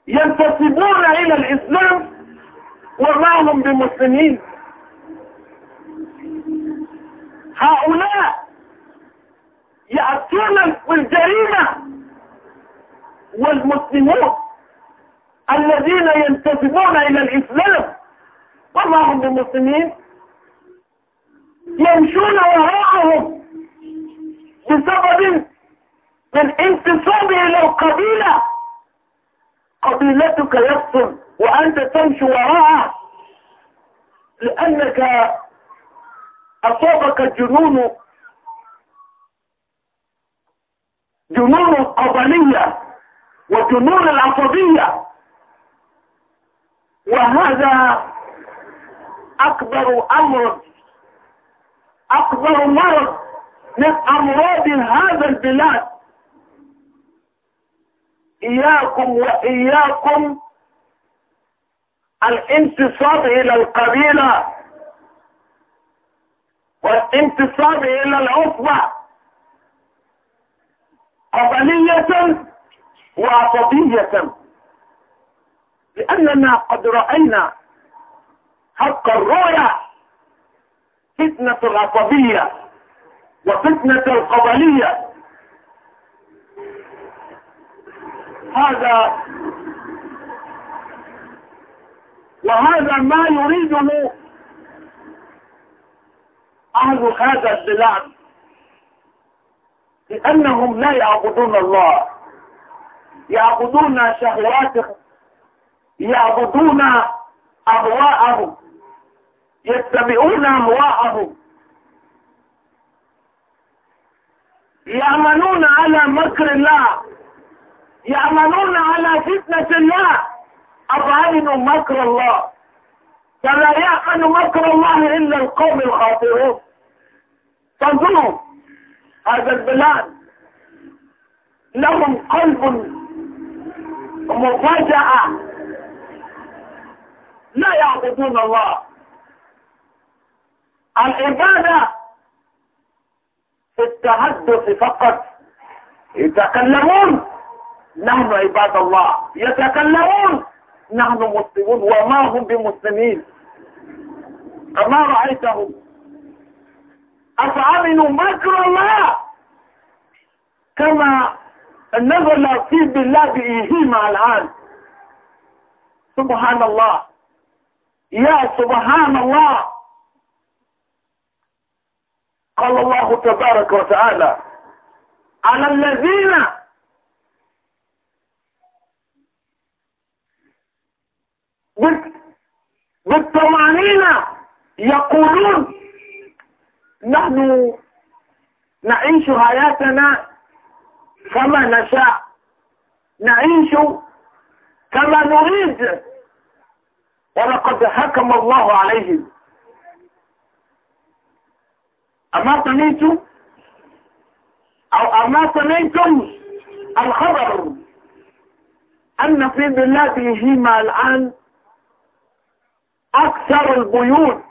ينتسبون إلى الإسلام وما هم بمسلمين هؤلاء يأتون بالجريمة والمسلمون الذين ينتسبون إلى الإسلام وما هم بمسلمين يمشون وراءهم بسبب من انتساب إلى القبيلة قبيلتك يقسم وأنت تمشي وراءه لأنك أصابك جنون جنون القبلية وجنون العصبية وهذا أكبر أمر أكبر مرض من أمراض هذا البلاد إياكم وإياكم الانتصاب إلى القبيلة والانتصاب إلى العصبة قبلية وعصبية لأننا قد رأينا حق الرؤية فتنة العصبية وفتنة القبلية هذا وهذا ما يريده أهل هذا البلاد لأنهم لا يعبدون الله يعبدون شهواتهم يعبدون أهواءهم يتبعون أهواءهم يعملون على مكر الله يعملون على فتنة الله أظهروا مكر الله فلا يعمل مكر الله إلا القوم الخاطئون تنظروا هذا البلاد لهم قلب مفاجأة لا يعبدون الله العبادة في التحدث فقط يتكلمون نحن عباد الله يتكلمون نحن مسلمون وما هم بمسلمين أما رأيتهم أفعلوا مكر الله كما نزل في بالله بإيهيما الآن سبحان الله يا سبحان الله قال الله تبارك وتعالى على الذين بالطمأنينة يقولون نحن نعيش حياتنا كما نشاء نعيش كما نريد ولقد حكم الله عليهم أما سمعتم أو أما سمعتم الخبر أن في بلادهما الآن أكثر البيوت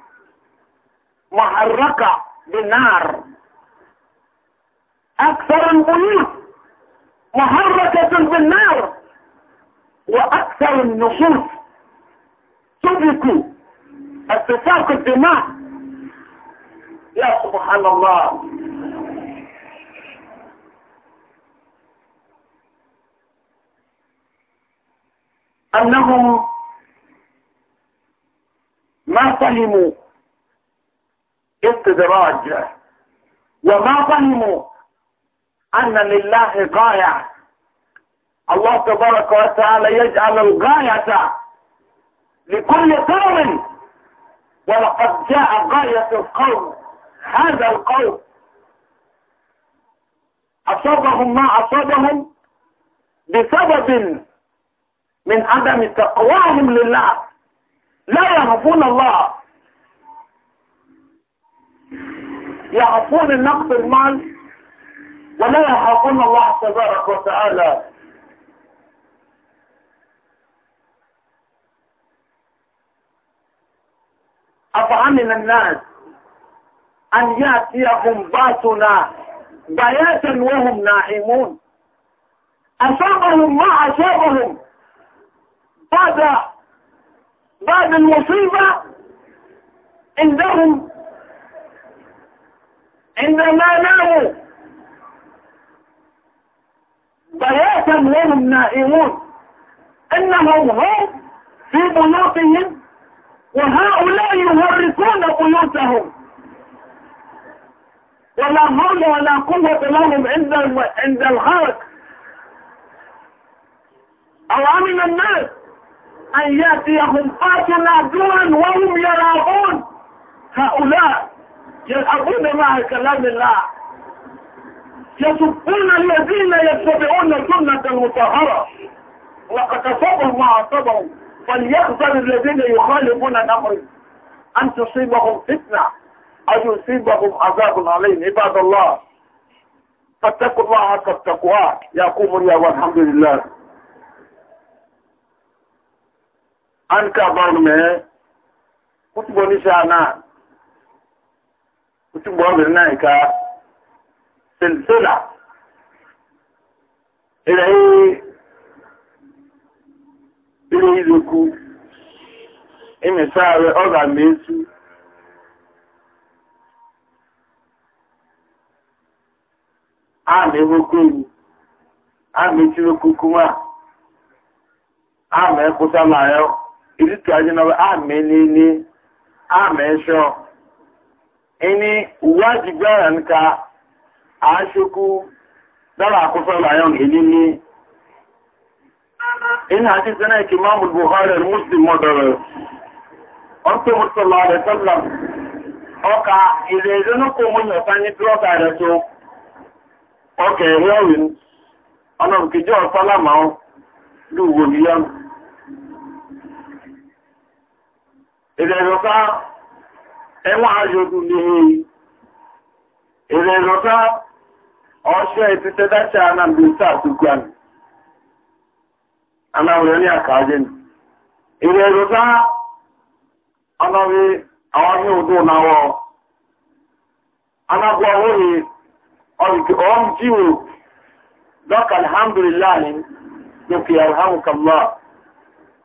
محرقة بالنار أكثر البيوت محركة بالنار وأكثر النصوص تبكوا اتفاق الدماء يا سبحان الله أنهم ما فهموا استدراج وما فهموا أن لله غاية الله تبارك وتعالى يجعل الغاية لكل قوم ولقد جاء غاية القوم هذا القوم أصابهم ما أصابهم بسبب من عدم تقواهم لله لا يعرفون الله يعرفون النقد المال ولا يخافون الله تبارك وتعالى أفعمل الناس أن يأتيهم باتنا بياتا وهم نائمون أصابهم ما أصابهم هذا بعد المصيبة عندهم عندما ناموا بياتا وهم نائمون انهم هم في بيوتهم وهؤلاء يهرسون بيوتهم ولا حول ولا قوة لهم عند عند الغرق أو أمن الناس أن يأتيهم قاتلا دون وهم يراغون هؤلاء يلعبون مع كلام الله يسبون الذين يتبعون سنة المطهرة وقد أصابهم ما أصابهم فليحذر الذين يخالفون الأمر أن تصيبهم فتنة أو يصيبهم عذاب عليهم عباد الله فاتقوا الله حق التقوى يا قوم والحمد لله an ka bang me kutubo ni shana kutubo amir na ika silsila ila hii ile izoku imesawe oga mesu a na-emekwughị a na-echiri okukuma a na ya kìrìtì àjẹnàwó àmì níní àmì ẹṣọ ẹni wájú gbára nǹka àṣekú dára àkóso làyọn ìní ní ẹni àti sẹ́nà buhari muslim mọ́dọ̀rọ̀ ọ̀pẹ́ mùsùlùmí àrẹ sọ́lá ọkà ilẹ̀ ìdánúkọ mú yọ̀ta ní tírọ́kà rẹ̀ tó ẹ̀rẹ́ ọ̀rìn ọ̀nà òkèjọ́ ọ̀sọ́lá máa ìrẹ̀lọ́ta ẹwọ́n ayòdù nìyí ìrẹ̀lọ́ta ọṣẹ́ ìtítẹ́ dáṣà anàbìsà àtúgbà nì onye ní àkàájẹ́ nì ìrẹ̀lọ́ta ọlọ́rí àwọn ní odò náwọ́ anágbọ́ orí ọ̀rìkì ọ̀rùn jíwò lọ́kà dọka alhamdulilahi, lókè alhamdulilahi.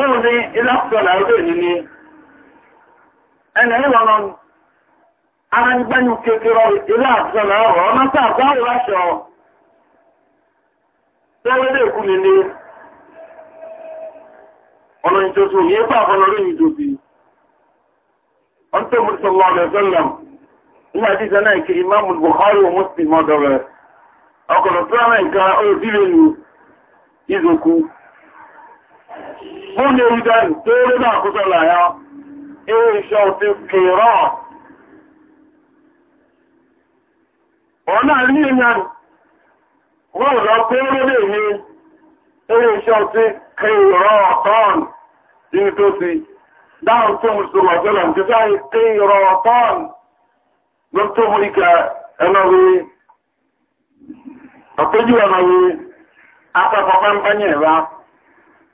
fún ní ilé ọ̀pọ̀lá ọdún èyí ni ẹni ìwọ̀nà aránigbẹ́nu kékeré ilé àtúnṣọ́lá ọ̀rọ̀ ọmọ sáà gbáwò láṣọ tó wé lè kú mi ọ̀nà ìjọsọ yìí pa àfọ́nà orí ìjọbi ọ̀ntọ́ mú ọ̀rẹ́ buhari هنا دور ما قلت الله يا ايش او تذكيرات ọ̀nà ní ìyàrù wọ́n lọ pé lórí èyí eréṣọ́ tí kèrọ ọ̀tọ́n ní tó ti dáhùn tó mú sọ wàjọ́lọ̀ tí sáyé kèrọ ọ̀tọ́n ló tó mú ìkà ẹnàwé ọ̀pẹ́jú ẹnàwé afẹ́fọ́fẹ́ ń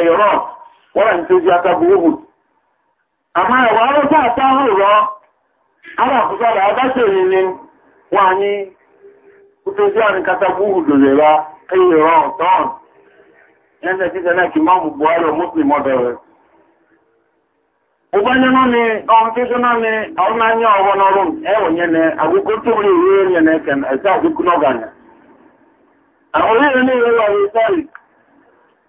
ẹ̀rọ wọ́n ń tóbi a àmọ́ ẹ̀wọ̀ arọ́sà àtàwọn ìrọ̀ aláàfúsọ́dà ni a ní tóbi àrìnkatagbowó lòlẹ̀ ra ẹ̀rọ tán ẹ̀ẹ́sẹ̀ títẹ̀ náà kì máa mú buhari muslim ọ̀dọ̀ rẹ̀ Ogbanyẹ́nà ni ọmọ tí súná ni ọmọ anyá ọwọ́ n'ọrụ ẹwọ̀ yẹn ni àgbékó tó rí ìwé yẹn ẹ̀kẹ́ Àwọn orí ní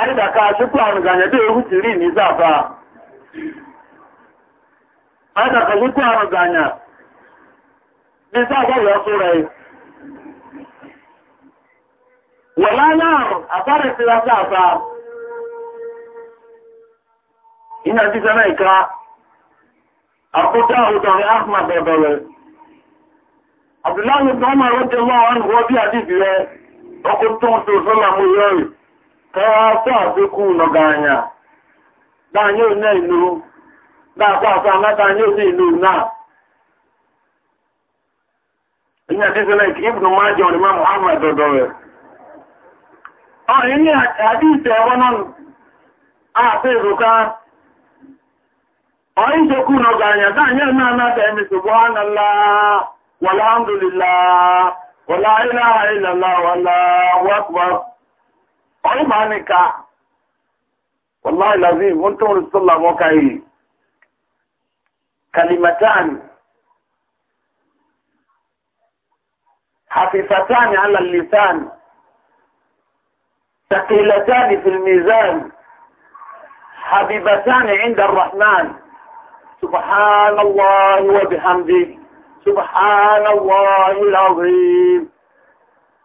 anyị ga-aka achụpụ ahụ ga anyado ewu tiri n'izu a ga-akọzụkwu ahụ ga anya n'izu abụọ ya ọsụrụ ya wọla anya ahụ aparịsịla asa asa ina jisa na ika akwụta ụtọrị ahmad ọdọrọ abdullahi bi ọkụ tó ń mú kọwàtọ́ àdékù lọ́gàáyà dáyé ò náà ìlú dáàkọ́ àtọ́ aládáyé ò ní ìlú náà ìyá títí náà kí ibùn máa jẹ ọ̀rìmá muhammad dọ̀dọ̀ rẹ̀ ọ̀rìn ní àdíṣẹ́ ẹ̀wọ́n náà àti ìrùká ọ̀rìn anya lọ́gàáyà dáyé na náà náà tẹ̀mí subhanallah walhamdulillah wala ilaha illallah akbar فاهم والله العظيم من صلى الله موكاي كلمتان حفيفتان على اللسان ثقيلتان في الميزان حبيبتان عند الرحمن سبحان الله وبحمده سبحان الله العظيم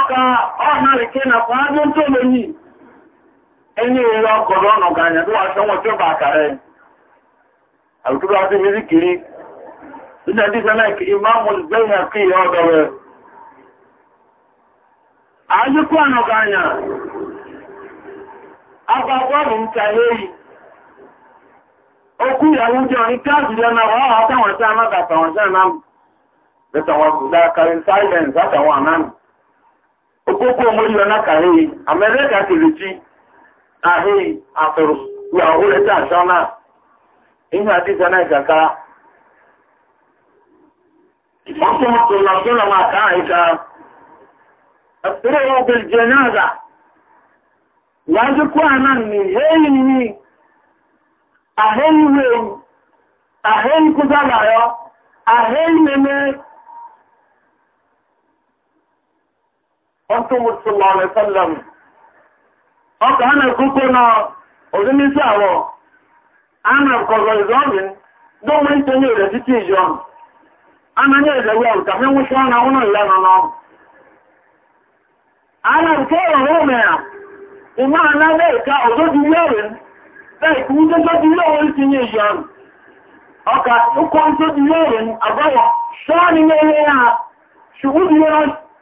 ọka ọ̀nàrìké na fún ágbón tó lè yìí ẹni ìrọ ọkọ̀rọ̀ ọ̀nà gànyà tó wà sọ́wọ́ tí ó bá kàrẹ́ okú ìyàwó jẹ́ orí káàkiri ọ̀nà wọ́n àtàwọn na má bàtàwọn sáà náà bẹ̀tàwọn kùdà àtàwọn okoko omori ọna ka hei amerika kiriti ahei atụrụ ya ọhụrụ ta asọ na ihe adịghị na ịkaka ọkụ ọkụ na ọkụ na maka ahịka ọkụrụ ọkụ jenaza wajikwa na nni hei nni ahei wewu ahei kụzala ya ahei meme ọtúnmù sọlọ rẹ sọlọm a ana na nọ òdúnísí awọ ana kọlọ ìzọrin dọwọ ìtẹnyẹ rẹ títí ìjọ ananyẹ ìdẹwẹ òtàfẹ wúṣọ ọnà ọnà ìlànà nọ ana kúkú ọrọ mẹra ìmọ àná lẹẹka òdòdú yẹrin lẹẹkú dọdọdú yẹwọ ìtẹnyẹ ìjọ ọkà ukọ ìtọdú yẹrin ya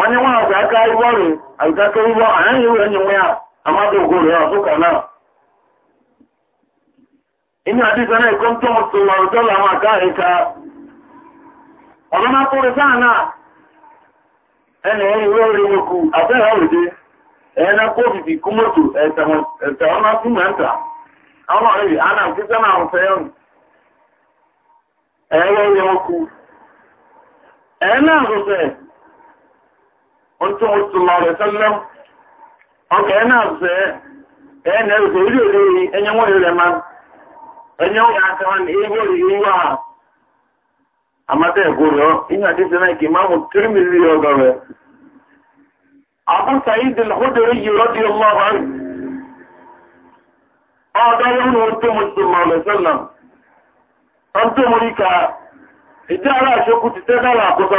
onye nwa ahụ ga-aka ịgbọ ọrụ agụgakọ ụgbọ anyị ewere nye nwa ya amadụ ogoro ya ọzụka na ịnye adịza na-ekwe ntụ ọtụ lọrọ dọla maka ịka ọdụma kpụrịta na ẹnìyẹn ìwé orí wọkù abẹ́rẹ́ òde ẹ̀ẹ́nà kó bìbì kú mọ́tò ọ̀tún ọ̀tùlọ̀ rẹ̀ sọ́lọ́ ọkẹ̀ ẹ̀ náà fẹ́ ẹ̀ náà fẹ́ ilé òde ma ẹ̀yẹ́ wọ́n yà sọ wọn èyí wọ́n rí yín wá àmọ́tẹ́ ẹ̀kọ́ rẹ̀ ìyá ma sẹ́nà kì máa mú tírí mi rí ọgọ́ rẹ̀. àbúta yìí dì lọ́dọ̀rẹ́ yìí rọ́dí ọmọ wa ọ̀dọ́ yóò ka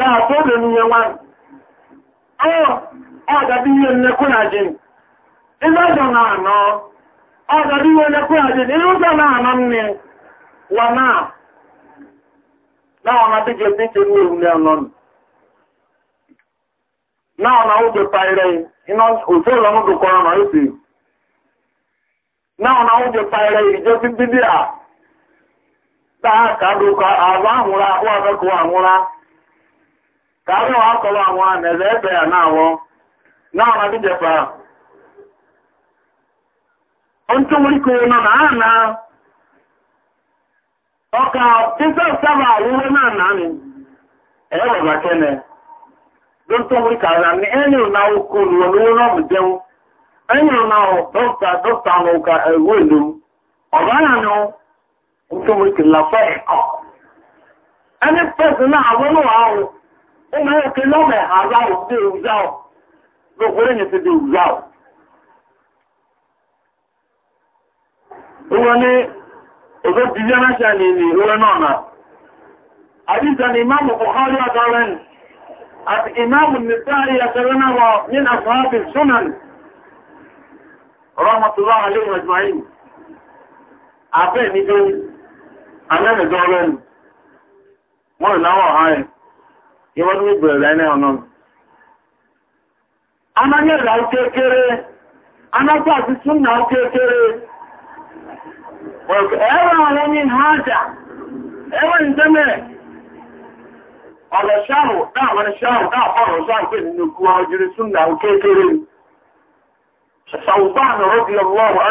dáàtọ́ atụ ní yẹn ọ ọ́ ọ̀dàbí yẹn nẹ́kún àjẹ́ inú ọjọ́ náà nọ́ ọ̀dàbí yẹn nẹ́kún àjẹ́ inú ọjọ́ náà nọ́ ní wà náà náà máa díje sí ṣe dị òun lẹ́ọ̀nà náà náà ó gbé pa ẹrẹ iná òṣèlú ọlọ́mọdún kọ́ra náà ó sì náà náà tààrí wọn akọlọ àwọn ànẹ̀lẹ̀ ẹgbẹ̀ àná àwọn náà wọn adíjẹpa ohun tó múrí kúrò náà náà náà ọkà pípẹ́ sábà àwúrẹ́ náà náà ni ẹ̀rọ bàkẹ́nẹ̀ ló tó múrí na ní ẹni ọ̀nà okò lọ́wọ́ náà mú jẹun ẹni àwọn ọkà ẹ̀wọ́ ìlú ọ̀bá náà ni ó tó ẹ̀kọ́ ẹni náà àwọn ụmụ nwoke nọme azaụ dị ụzaụ n'okwere nyesi dị ụzaụ ụwa ni ozo dìbíyà náṣà ni ni na àdìsà ni imáàmù buhari àtọrẹ ni àti imáàmù nìsáàrí àtọrẹ náà wọ nínú àfọwọ́bì sunan rọmọtulọ alẹ́wọ̀n ìsmail àbẹ́ nítorí anẹ́nìdọ́rẹ́ ni wọ́n ìnáwọ̀ ìwọ́n ní ìgbèrè ẹni ọ̀nà. Anáyẹ̀dà na anájá àti a kékeré, ẹ̀rọ àwọn ní hájà, ẹwọ́ ìdẹ́mẹ̀, ọ̀rọ̀ ṣáàrù dáwọn ṣáàrù dáàbọ̀rọ̀ ṣáàrù nínú kú àwọn jírí súnà kékeré. Ṣàwùbáà nà rọ́bì ọlọ́wọ́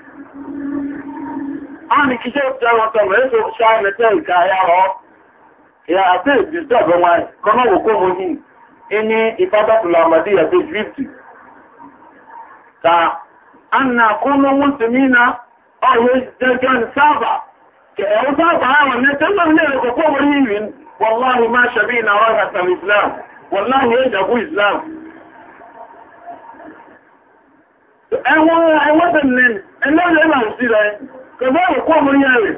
Ani kìí ṣe ọ̀tọ̀ mẹ́rin tó ṣá ẹ̀mẹ́tẹ́ ìka ya ọ́. ya àti ìdìdọ̀ ọ̀gbọ̀n wa kọ́nà wò kó mo ní ẹni Ka a nà kúnnú wọn tì na ọ̀rọ̀ jẹjọ́ ní sábà. saba ó sábà àwọn mẹ́tẹ́ mọ́rin lè kọ̀ kó wọ́n yìí rìn. Wàláhì máa ṣàbí ìnà ọ̀rọ̀ àtàm Islam. Wàláhì e Islam. E e ẹgbẹ́ òkú ọmọnìyàn rẹ̀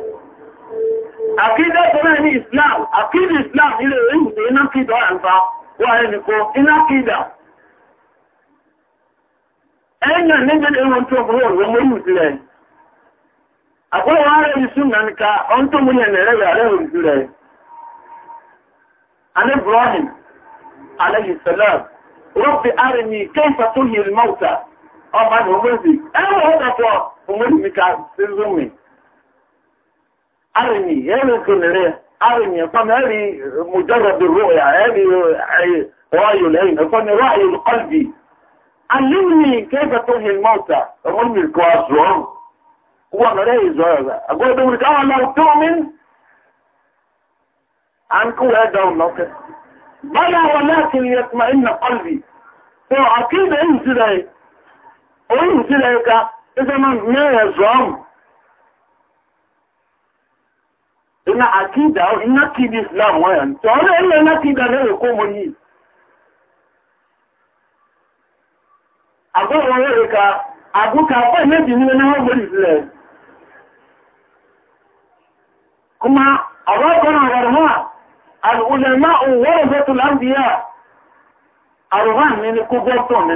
àkídẹ́ tó rẹ̀ ní Islam àkídẹ́ Islam ilẹ̀ orí ìpè iná kídọ̀ àǹfà wà ẹnìkọ́ iná kídà ẹ̀yàn nígbẹ̀lẹ̀ ẹ̀wọ̀n tó ọkùnrin ọ̀rọ̀ mọ́ ìwùsílẹ̀ àkọ́wọ́ ara ìsún náà nìka ọ́n tó múlẹ̀ nẹ̀rẹ̀ كيف تهي الموتى ọba na omezi ẹwọ ọkọkọ omezi ka sezu mi arinyi ẹni kenere arinyi ẹfọn ẹni mujara de roya ẹni rọayo lẹyìn ẹfọn rọayo kọlbi alimni kẹfẹ e tó hin mọta ọmọ mi kọ azọ wọn rẹ ìzọ ẹgbẹ kuma onye Chineke ịsịma mmehie zọọ na akida ina islam wayan to ọrịa ina ina ọ na eko ụmụnye. yi agbọ wọn rẹ ka agụ ka agbọ na ji na wọn islam kuma agbọ kan arha al ulama warathatul anbiya arhan ni ko gbo to ni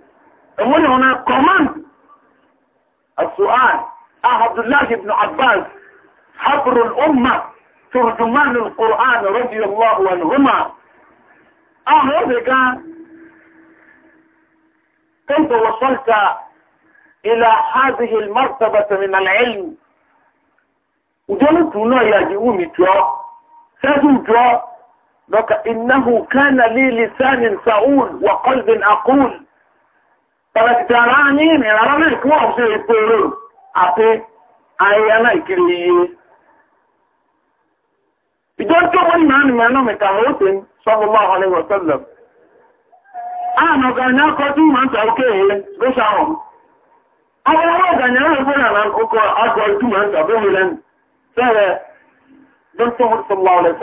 ومن هنا كمان السؤال عبد الله بن عباس حبر الأمة ترجمان القرآن رضي الله عنهما كان آه، كيف وصلت إلى هذه المرتبة من العلم وجلت هنا يا جيومي توا سازم توا إنه كان لي لسان سؤول وقلب أقول Pẹ̀lẹ̀kìtì ara ní ìrìnlẹ̀ alámẹ́ ìkún ọ̀ṣẹ́ ìpò oró àti ayẹyẹ náà ìkiri iye. Ìjọ́ tó wọ́n ní máa nìmọ̀ náà mẹ́ta ó tẹ́ sọ́gbọ́gbọ́ ọ̀họ́lẹ́wọ̀ sọ́lọ̀. Àwọn ọ̀gànyà kọ́ tí máa ń ta ókè èyẹ ló ṣàwọn. Àwọn ọ̀gànyà náà gbọ́nà ọkọ̀ ọjọ́ tí máa ń ta bó wílẹ̀ sẹ́rẹ̀ dọ́tọ̀ sọ́lọ̀ ọ̀lẹ̀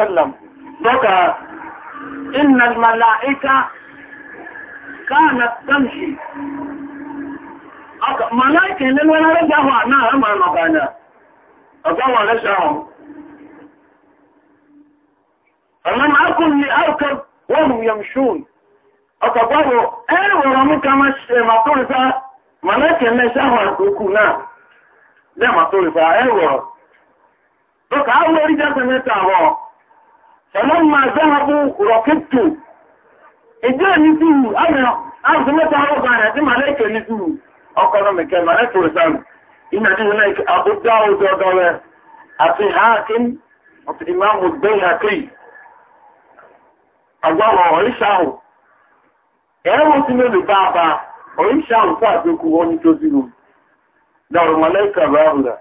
Màláìkì ní wọ́n rẹ̀ a náà rẹ̀ máa nọ̀bànyà. Ọ̀gáwà rẹ̀ ṣáwọn. ahụ. ọkọ̀nà mẹ́kẹ́ mẹ́rẹ́ tó rẹ̀ sáàmù iná ní ilé àbúdá òjò ọ̀dọ́ rẹ̀ kri. agwa àti ìmáàmù gbé ìhàkì àgbàwọ̀ oríṣàwò n'elu baa baa lè ahụ a bá oríṣàwò fún àdókù wọn ní tó zero dọ̀rọ̀ mọ́lẹ́kà ráhùrà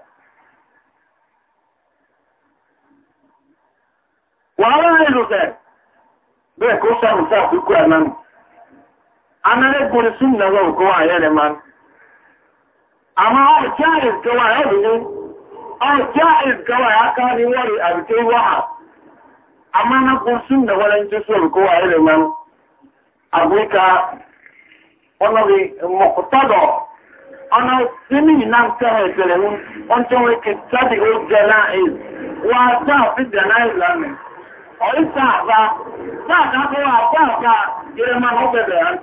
wàhálà ìlú fẹ́ bẹ́ẹ̀ kó sáàmù fún àdókù ànánù anárẹ́gbọ́n sínú náà wọ́n kó wà ayẹ́rẹ́ máa àmọ́ ọjá ìkẹwà ẹ̀rùnú ọjá gawa ni wọ́n rí àbìkẹ wáhà àmọ́ ẹnakùn sún na wọ́n rẹ̀ tó kọwà da mọ́ àbúríkà ọ̀nà rí wani ọ̀nà sínú ìná kẹrẹ̀ na mú wọ́n tó wọ́n kẹ jáde ó jẹ́lá ìl wọ́n ajá fi jẹ́lá ìlànà ọ̀rí sáà bá sáà ká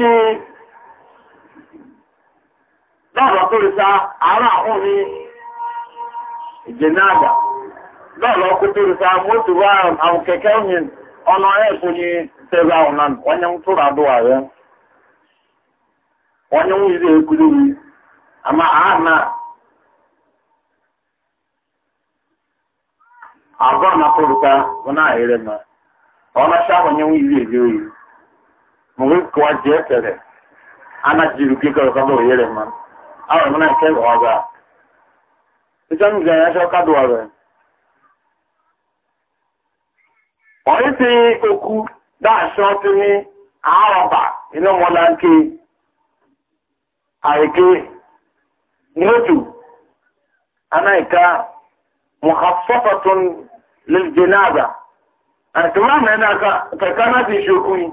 ṣe lọ́rọ̀ tó rí sá àárọ̀ àwọn ní ìjẹ̀nà àgbà lọ́rọ̀ kó tó rí sá mọ́tò wá àwọn kẹ̀kẹ́ òyìn ọ̀nà ẹ̀kú ní tẹ́lá ọ̀nà wọ́n yẹn tó rà ààrẹ wọ́n yẹn wọ́n yìí lè kúrò àmà àánà àmà tó rí wọn náà mọ́ ọ̀nà wọ́n mugu kwa je tere ana jiru ki ko ka man awa mana ke wa ga isan ga ya sha ka do wa ben o isi oku da sha to nke aike noju ana ika mukhaffafatun lil janaza ana kuma na ka kana bi shukuni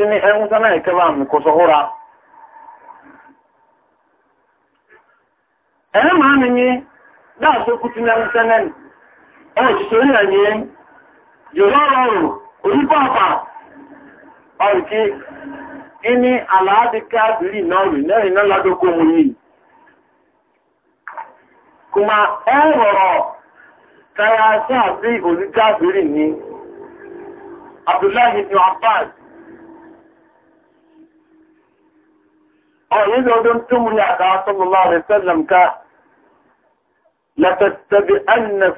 sini ẹ̀hún sánà ìkẹ́lá mi kò sọ hóra ẹ̀rẹ́ máa mi ní dáàtó kú tí mẹ́rin sẹ́nẹ̀ ẹ̀rọ ṣiṣẹ́ orí ẹ̀yẹ yóò rọrùn onípàpà ọ̀rìkí ìní àlàáfíkà bìrì náà rì lẹ́rìn náà ládókò mú yìí kùmà ẹ̀rọ̀rọ̀ kẹyà sí Abdullahi أعيدوا دمتم يعدى صلى الله عليه وسلم ك لتتبعن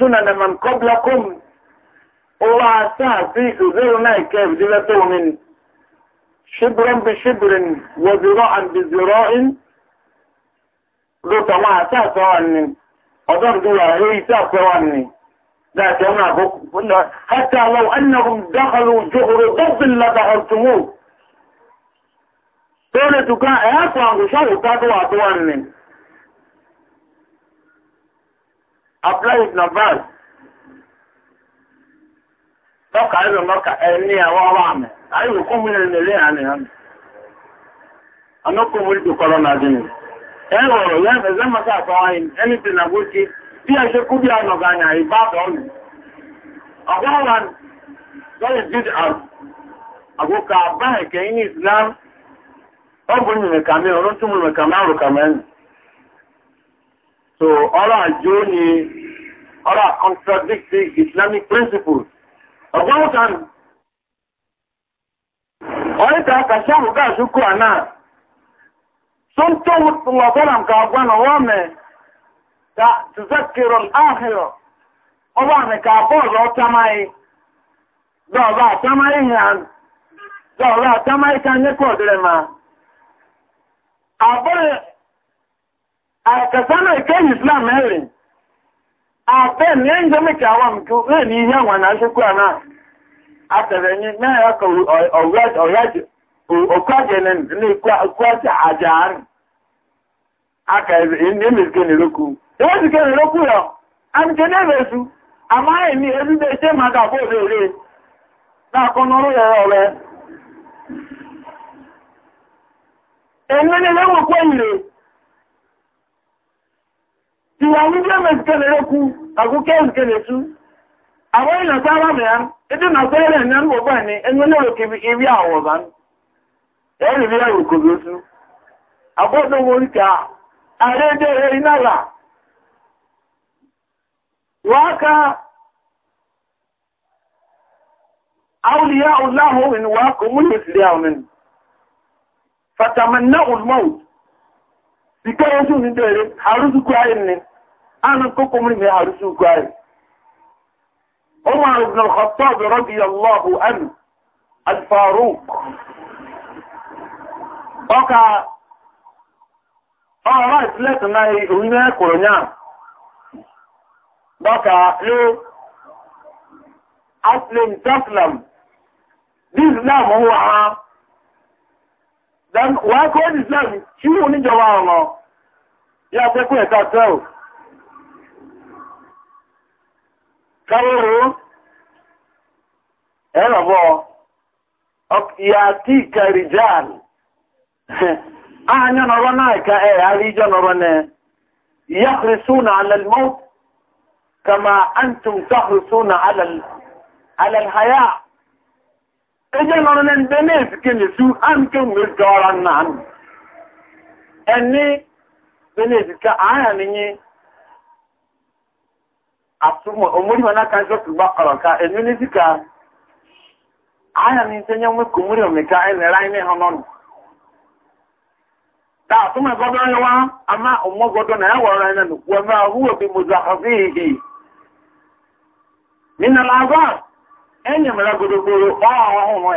سنن من قبلكم وعسى في ذرنا كيف دلتوا من بشبر وذراعا بذراع ذو تما عسى سواني أضر دولا هي سواني ذات يوم حتى لو أنهم دخلوا جهر ضب لدخلتموه tole tuka e e e ya kuangusha utatu watu wanne apply it nabas toka hizo ngoka enia wawame ayo kumule nelea ni hami ano kumule tu corona zini ewo ya zema ka kawain anything na guki pia shekudi ano ganya ibada oni agwawan that is did out agoka abahe ke in islam ọgbọ̀n ní mẹ̀kàmí ọ̀rọ̀ túnmù mẹ̀kàmí àrùn kàmẹ́rin so ọ̀rọ̀ àjò ni ọ̀rọ̀ contradict islamic principles ọgbọ́n kan ọ̀rẹ́ta kàṣọ́rù gáàṣù kú àná sọ́ntọ́ wọ̀bọ́nà nǹkan ọgbọ́n ọwọ́ mẹ́ ta tùzẹ́kìrọ̀ ka bọ́ọ̀lù ọ̀támáyé dọ̀ọ̀lù àtámáyé hìhàn dọ̀ọ̀lù m ka nyẹ́kọ̀ọ́dúnrẹ́ máa àbẹ́ àkàtánà ìkẹ́ islam mẹ́rin àbẹ́ ní ẹjọ́ mẹ́kẹ́ àwọn mẹ́kẹ́ náà na ihe na àṣẹ́kù àná na ní mẹ́ẹ̀kọ̀ ọ̀rẹ́jẹ̀ ní ikú àti àjà àárín akẹ̀rẹ̀ eche ẹmẹ́kẹ́ nìrókù ẹmẹ́kẹ́ nìrókù yọ àmìkẹ́ nẹ́rẹ̀ẹ́sù àmáyẹ̀ ya e, e, e ọrụ. enwere na enwekwa ire ìyàwó jẹ́ mẹ́sìkẹ̀lẹ̀ lókú na ìsìkẹ̀lẹ̀ tú na ìlàta alámẹ́ ya ètò nàgbẹ́rẹ̀ ní àrùgbọ́gbà ní ẹni olóòkè ibi àwọ̀bá ẹ̀rì bí ẹ̀rù kò bí ó tú àbọ́dọ̀ oríkà ààrẹ ẹ̀dẹ̀rẹ̀ inára wáká àwùlíyà ọláhùn ìnúwà kò múlò ya fatamanna'u al-maut sikara su ni dere harusu kwaye ne an ko harusu kwaye Umar ibn al-Khattab radiyallahu anhu al-Faruq oka ọ̀rọ̀ ìsìlẹ̀tì náà orílẹ̀ ẹ̀kùrù ní àbọ́ka dan wàá kọ́ ẹ́dì islam tí ó níjọba ọ̀nà yà pẹ́kún ẹ̀ta tẹ́ò kárọ̀rọ̀ ẹ̀rọ̀bọ̀ ìyà tí kẹrì jàn ààyàn ọ̀rọ̀ náà ká ẹ̀ àríjọ́ ọ̀rọ̀ nẹ yàkùrìsúnà alẹ́lmọ́ kama antum tahùsúnà alẹ́lhayá eje nọrọ na ndị na-ezike n'esu ha nke mgbe jọra nna ha ẹni ndị na-ezike aha n'inye asụmọ omori ka enyo n'ezika nye nwe komori omeka ẹnere anyị n'ihe ta asụmọ gọdọ yawa ama ụmụ na ya wọrọ anyị na nukwu ọma ahụ Enyi mere mara godokporo ọhụrụ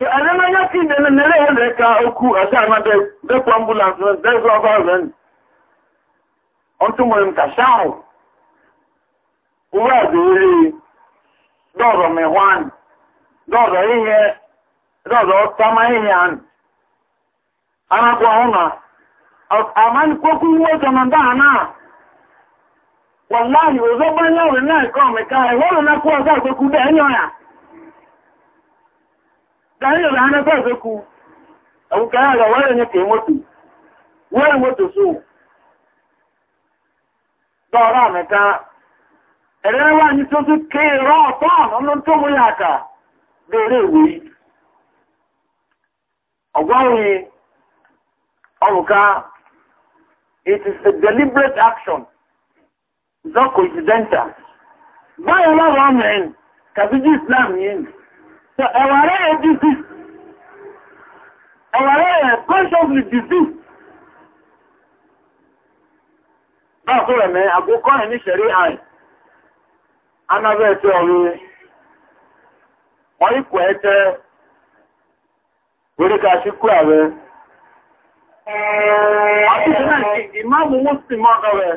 ya adamanya ti nene nene ya mere ka okwu ọsọ ama dekwa ambulance na dekwa ọgọ ọzọ ni ọtụ nwere m kasha ahụ uwe a ga-eri dọrọ mehwan dọrọ ihe dọrọ tama ihe anụ anakwa ọhụrụ na amanikwa okwu iwe ọzọ na ndị a na wàláàyè òzọ́gbọ́n ní ọ̀rẹ́ náà ẹ̀kọ́ mẹ́ka ẹ̀wọ́n náà kó ọjọ́ àgbékú dẹ̀ ẹ̀yọ́ yà dáyé rẹ̀ anẹ́kọ́ àgbékú ẹ̀wùkẹ́ àgbà wọ́n ní kèé so It is a deliberate action. zọ kọjidenta báyọ̀ lọ́wọ́ ọmọrin kàbíjú islam yìí so ẹ̀wàrẹ́ ẹ̀ disease ẹ̀wàrẹ́ ẹ̀ consciously disease náà tó rẹ̀ mẹ́ ẹ̀ ní ṣẹ̀rí àì anábẹ́ ẹ̀ tẹ́ wọ́n ikọ̀ ẹ̀ orí ká ṣíkú ààrẹ ọdún náà ìmáàmù mùsùlùmí ọ̀dọ́ rẹ̀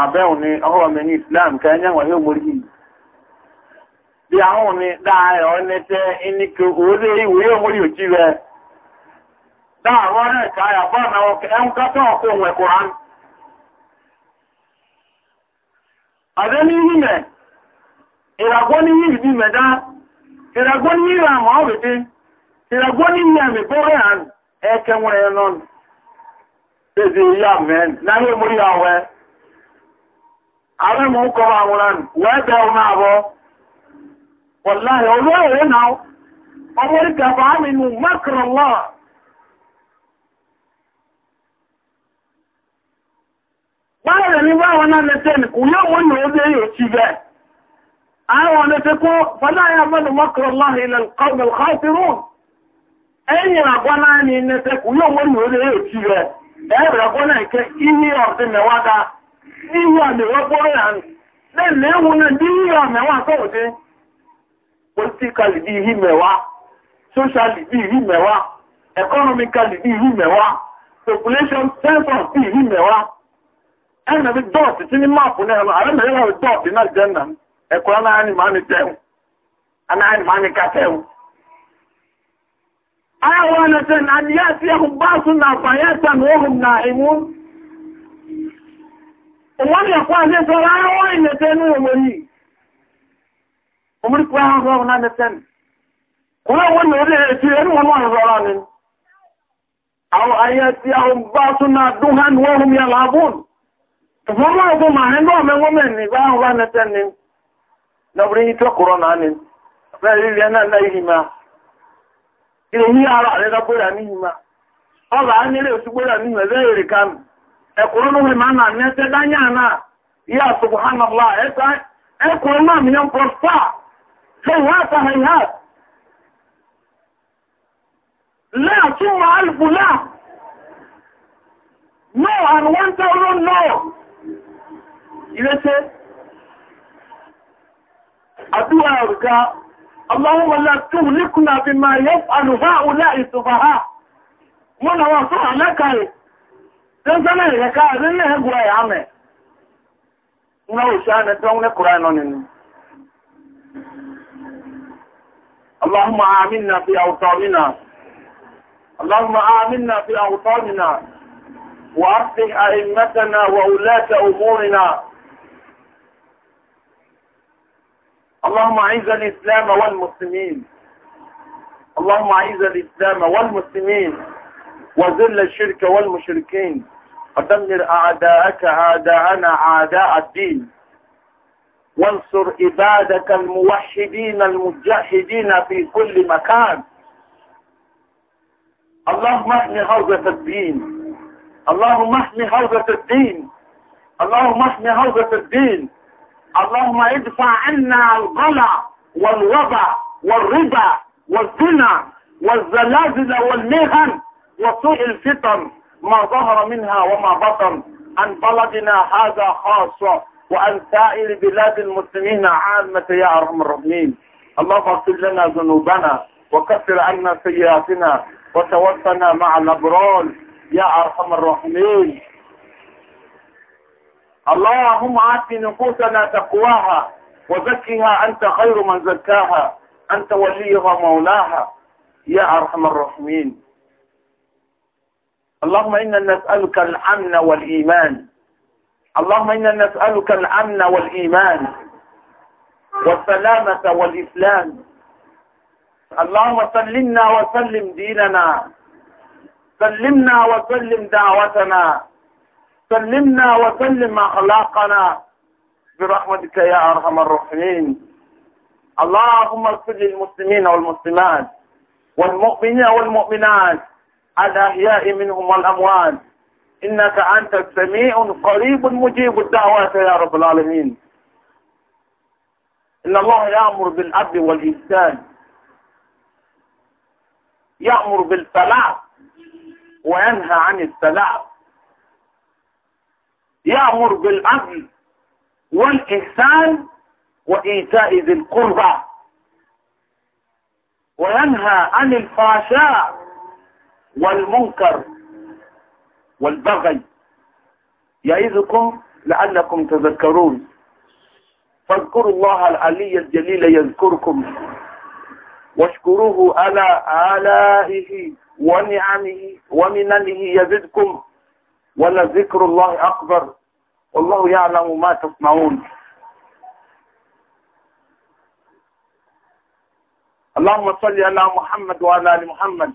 àbẹ́hùn ni ọwọ́ mi ní islam kẹ́yìn àwọn ẹ̀hìn omori yìí bí ahọ́n ni dáhẹ́ ọ ní tẹ́ ní kí òwúrẹ́ ìwé omori òjì rẹ̀ dáhàwọ́ rẹ̀ káyà bọ́ ọ̀nà ẹ̀hún kátọ́ ọkọ̀ òun ẹ̀kọ́ rán. àdé ní yìí mẹ́ ìràgbọ́ ní ìràgbọ́ ní ràn mọ́ ìràgbọ́ ní hàn ẹ̀kẹ́ wọn ẹ̀ E e a mọ̀ ń kọ àwòrán wẹ́ẹ̀ bẹ ọmọ àbọ̀ wọ̀láyà olúwa ẹ̀rẹ́ náà ọmọ orí gàbá nínú mẹ́kànlá báyẹ̀ ní báwọn náà lẹ́tẹ́ ní kò yóò wọ́n yóò lé yóò ti bẹ́ẹ̀ àwọn lẹ́tẹ́ kó fọláyà mẹ́nu n'ihu ọdịwọkpọrọ ya na-ele ewu na ndị ihe ọmịwa akọwụdị politikali dị ihe mewa soshali dị ihe mewa ekọnọmikali dị ihe mewa population census dị ihe mewa ẹnna bi dọọtì tí ní máàpù náà lọ náà jẹ́ nà ẹ̀kọ́ ni màá ní tẹ́wù náà ni màá ní ká tẹ́wù. wannan kwanan saurawa ne ta nuna wani umar kwanan saurawa na nufin kuma wannan yadda ya ce yadda wani wani saurawa ne aw ayatiyahum basuna duhan na hum yalabun to mo mo ko ma hen do me ngomen ni ba wa na tan ni na bri na na yi ala na ní e e ma náà ní ẹjẹ́ dáyà náà yíya subhanallá mkpọrọ ẹ̀kùnrin náà mìíràn pọ̀sá ṣeìhàtà ṣeìhàt láà tún ma alìfù láà no and one thousand no ìrẹsẹ́ àdúrà ọ̀gá اللهم لا تهلكنا بما يفعل هؤلاء السفهاء من وصع لك اللهم آمنا في أوطاننا اللهم آمنا في أوطاننا وأصلح أئمتنا وولاة أمورنا اللهم أعز الإسلام والمسلمين اللهم أعز الإسلام والمسلمين وذل الشرك والمشركين ودمر أعداءك أعداءنا أعداء الدين وانصر عبادك الموحدين المجاهدين في كل مكان اللهم احمي حوزة الدين اللهم احمي حوزة الدين اللهم احمي حوزة الدين اللهم ادفع عنا الغلا والوبا والربا والزنا والزلازل والمهن وسوء الفطن ما ظهر منها وما بطن عن بلدنا هذا خاصة وعن سائر بلاد المسلمين عامة يا أرحم الراحمين اللهم اغفر لنا ذنوبنا وكفر عنا سيئاتنا وتوفنا مع الأبرار يا أرحم الراحمين اللهم آت نفوسنا تقواها وزكها أنت خير من زكاها أنت وليها مولاها يا أرحم الراحمين اللهم إنا نسألك الأمن والإيمان اللهم إنا نسألك الأمن والإيمان والسلامة والإسلام اللهم سلمنا وسلم ديننا سلمنا وسلم دعوتنا سلمنا وسلم أخلاقنا برحمتك يا أرحم الراحمين اللهم اغفر للمسلمين والمسلمات والمؤمنين والمؤمنات الأحياء منهم والأموات إنك أنت السميع قريب مجيب الدعوات يا رب العالمين إن الله يأمر بالعدل والإحسان يأمر بالسلام وينهى عن السلام يأمر بالعدل والإحسان وإيتاء ذي القربى وينهى عن الفاشاء والمنكر والبغي يعظكم لعلكم تذكرون فاذكروا الله العلي الجليل يذكركم واشكروه على آلائه ونعمه ومننه يزدكم ولذكر الله أكبر والله يعلم ما تصنعون اللهم صل على محمد وعلى آل محمد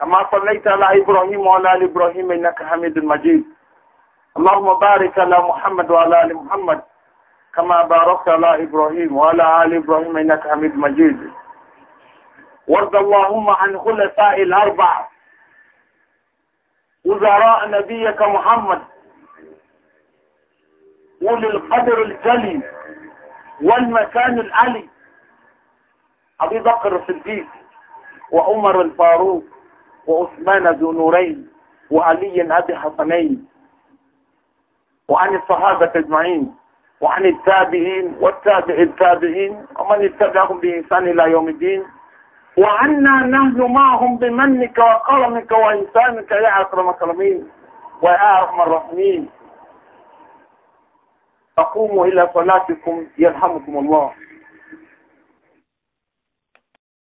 كما صليت على إبراهيم وعلى آل إبراهيم إنك حميد مجيد اللهم بارك على محمد وعلى آل محمد كما باركت على إبراهيم وعلى آل إبراهيم إنك حميد مجيد وارض اللهم عن خلفاء الأربعة وزراء نبيك محمد أولي القدر الجلي والمكان العلي أبي بكر الصديق وعمر الفاروق وعثمان ذو نورين وعلي أبي حسنين وعن الصحابة أجمعين وعن التابعين والتابع التابعين ومن اتبعهم بإنسان إلى يوم الدين وعنا نحن معهم بمنك وكرمك وإنسانك يا أكرم الأكرمين ويا أرحم الراحمين فقوموا إلى صلاتكم يرحمكم الله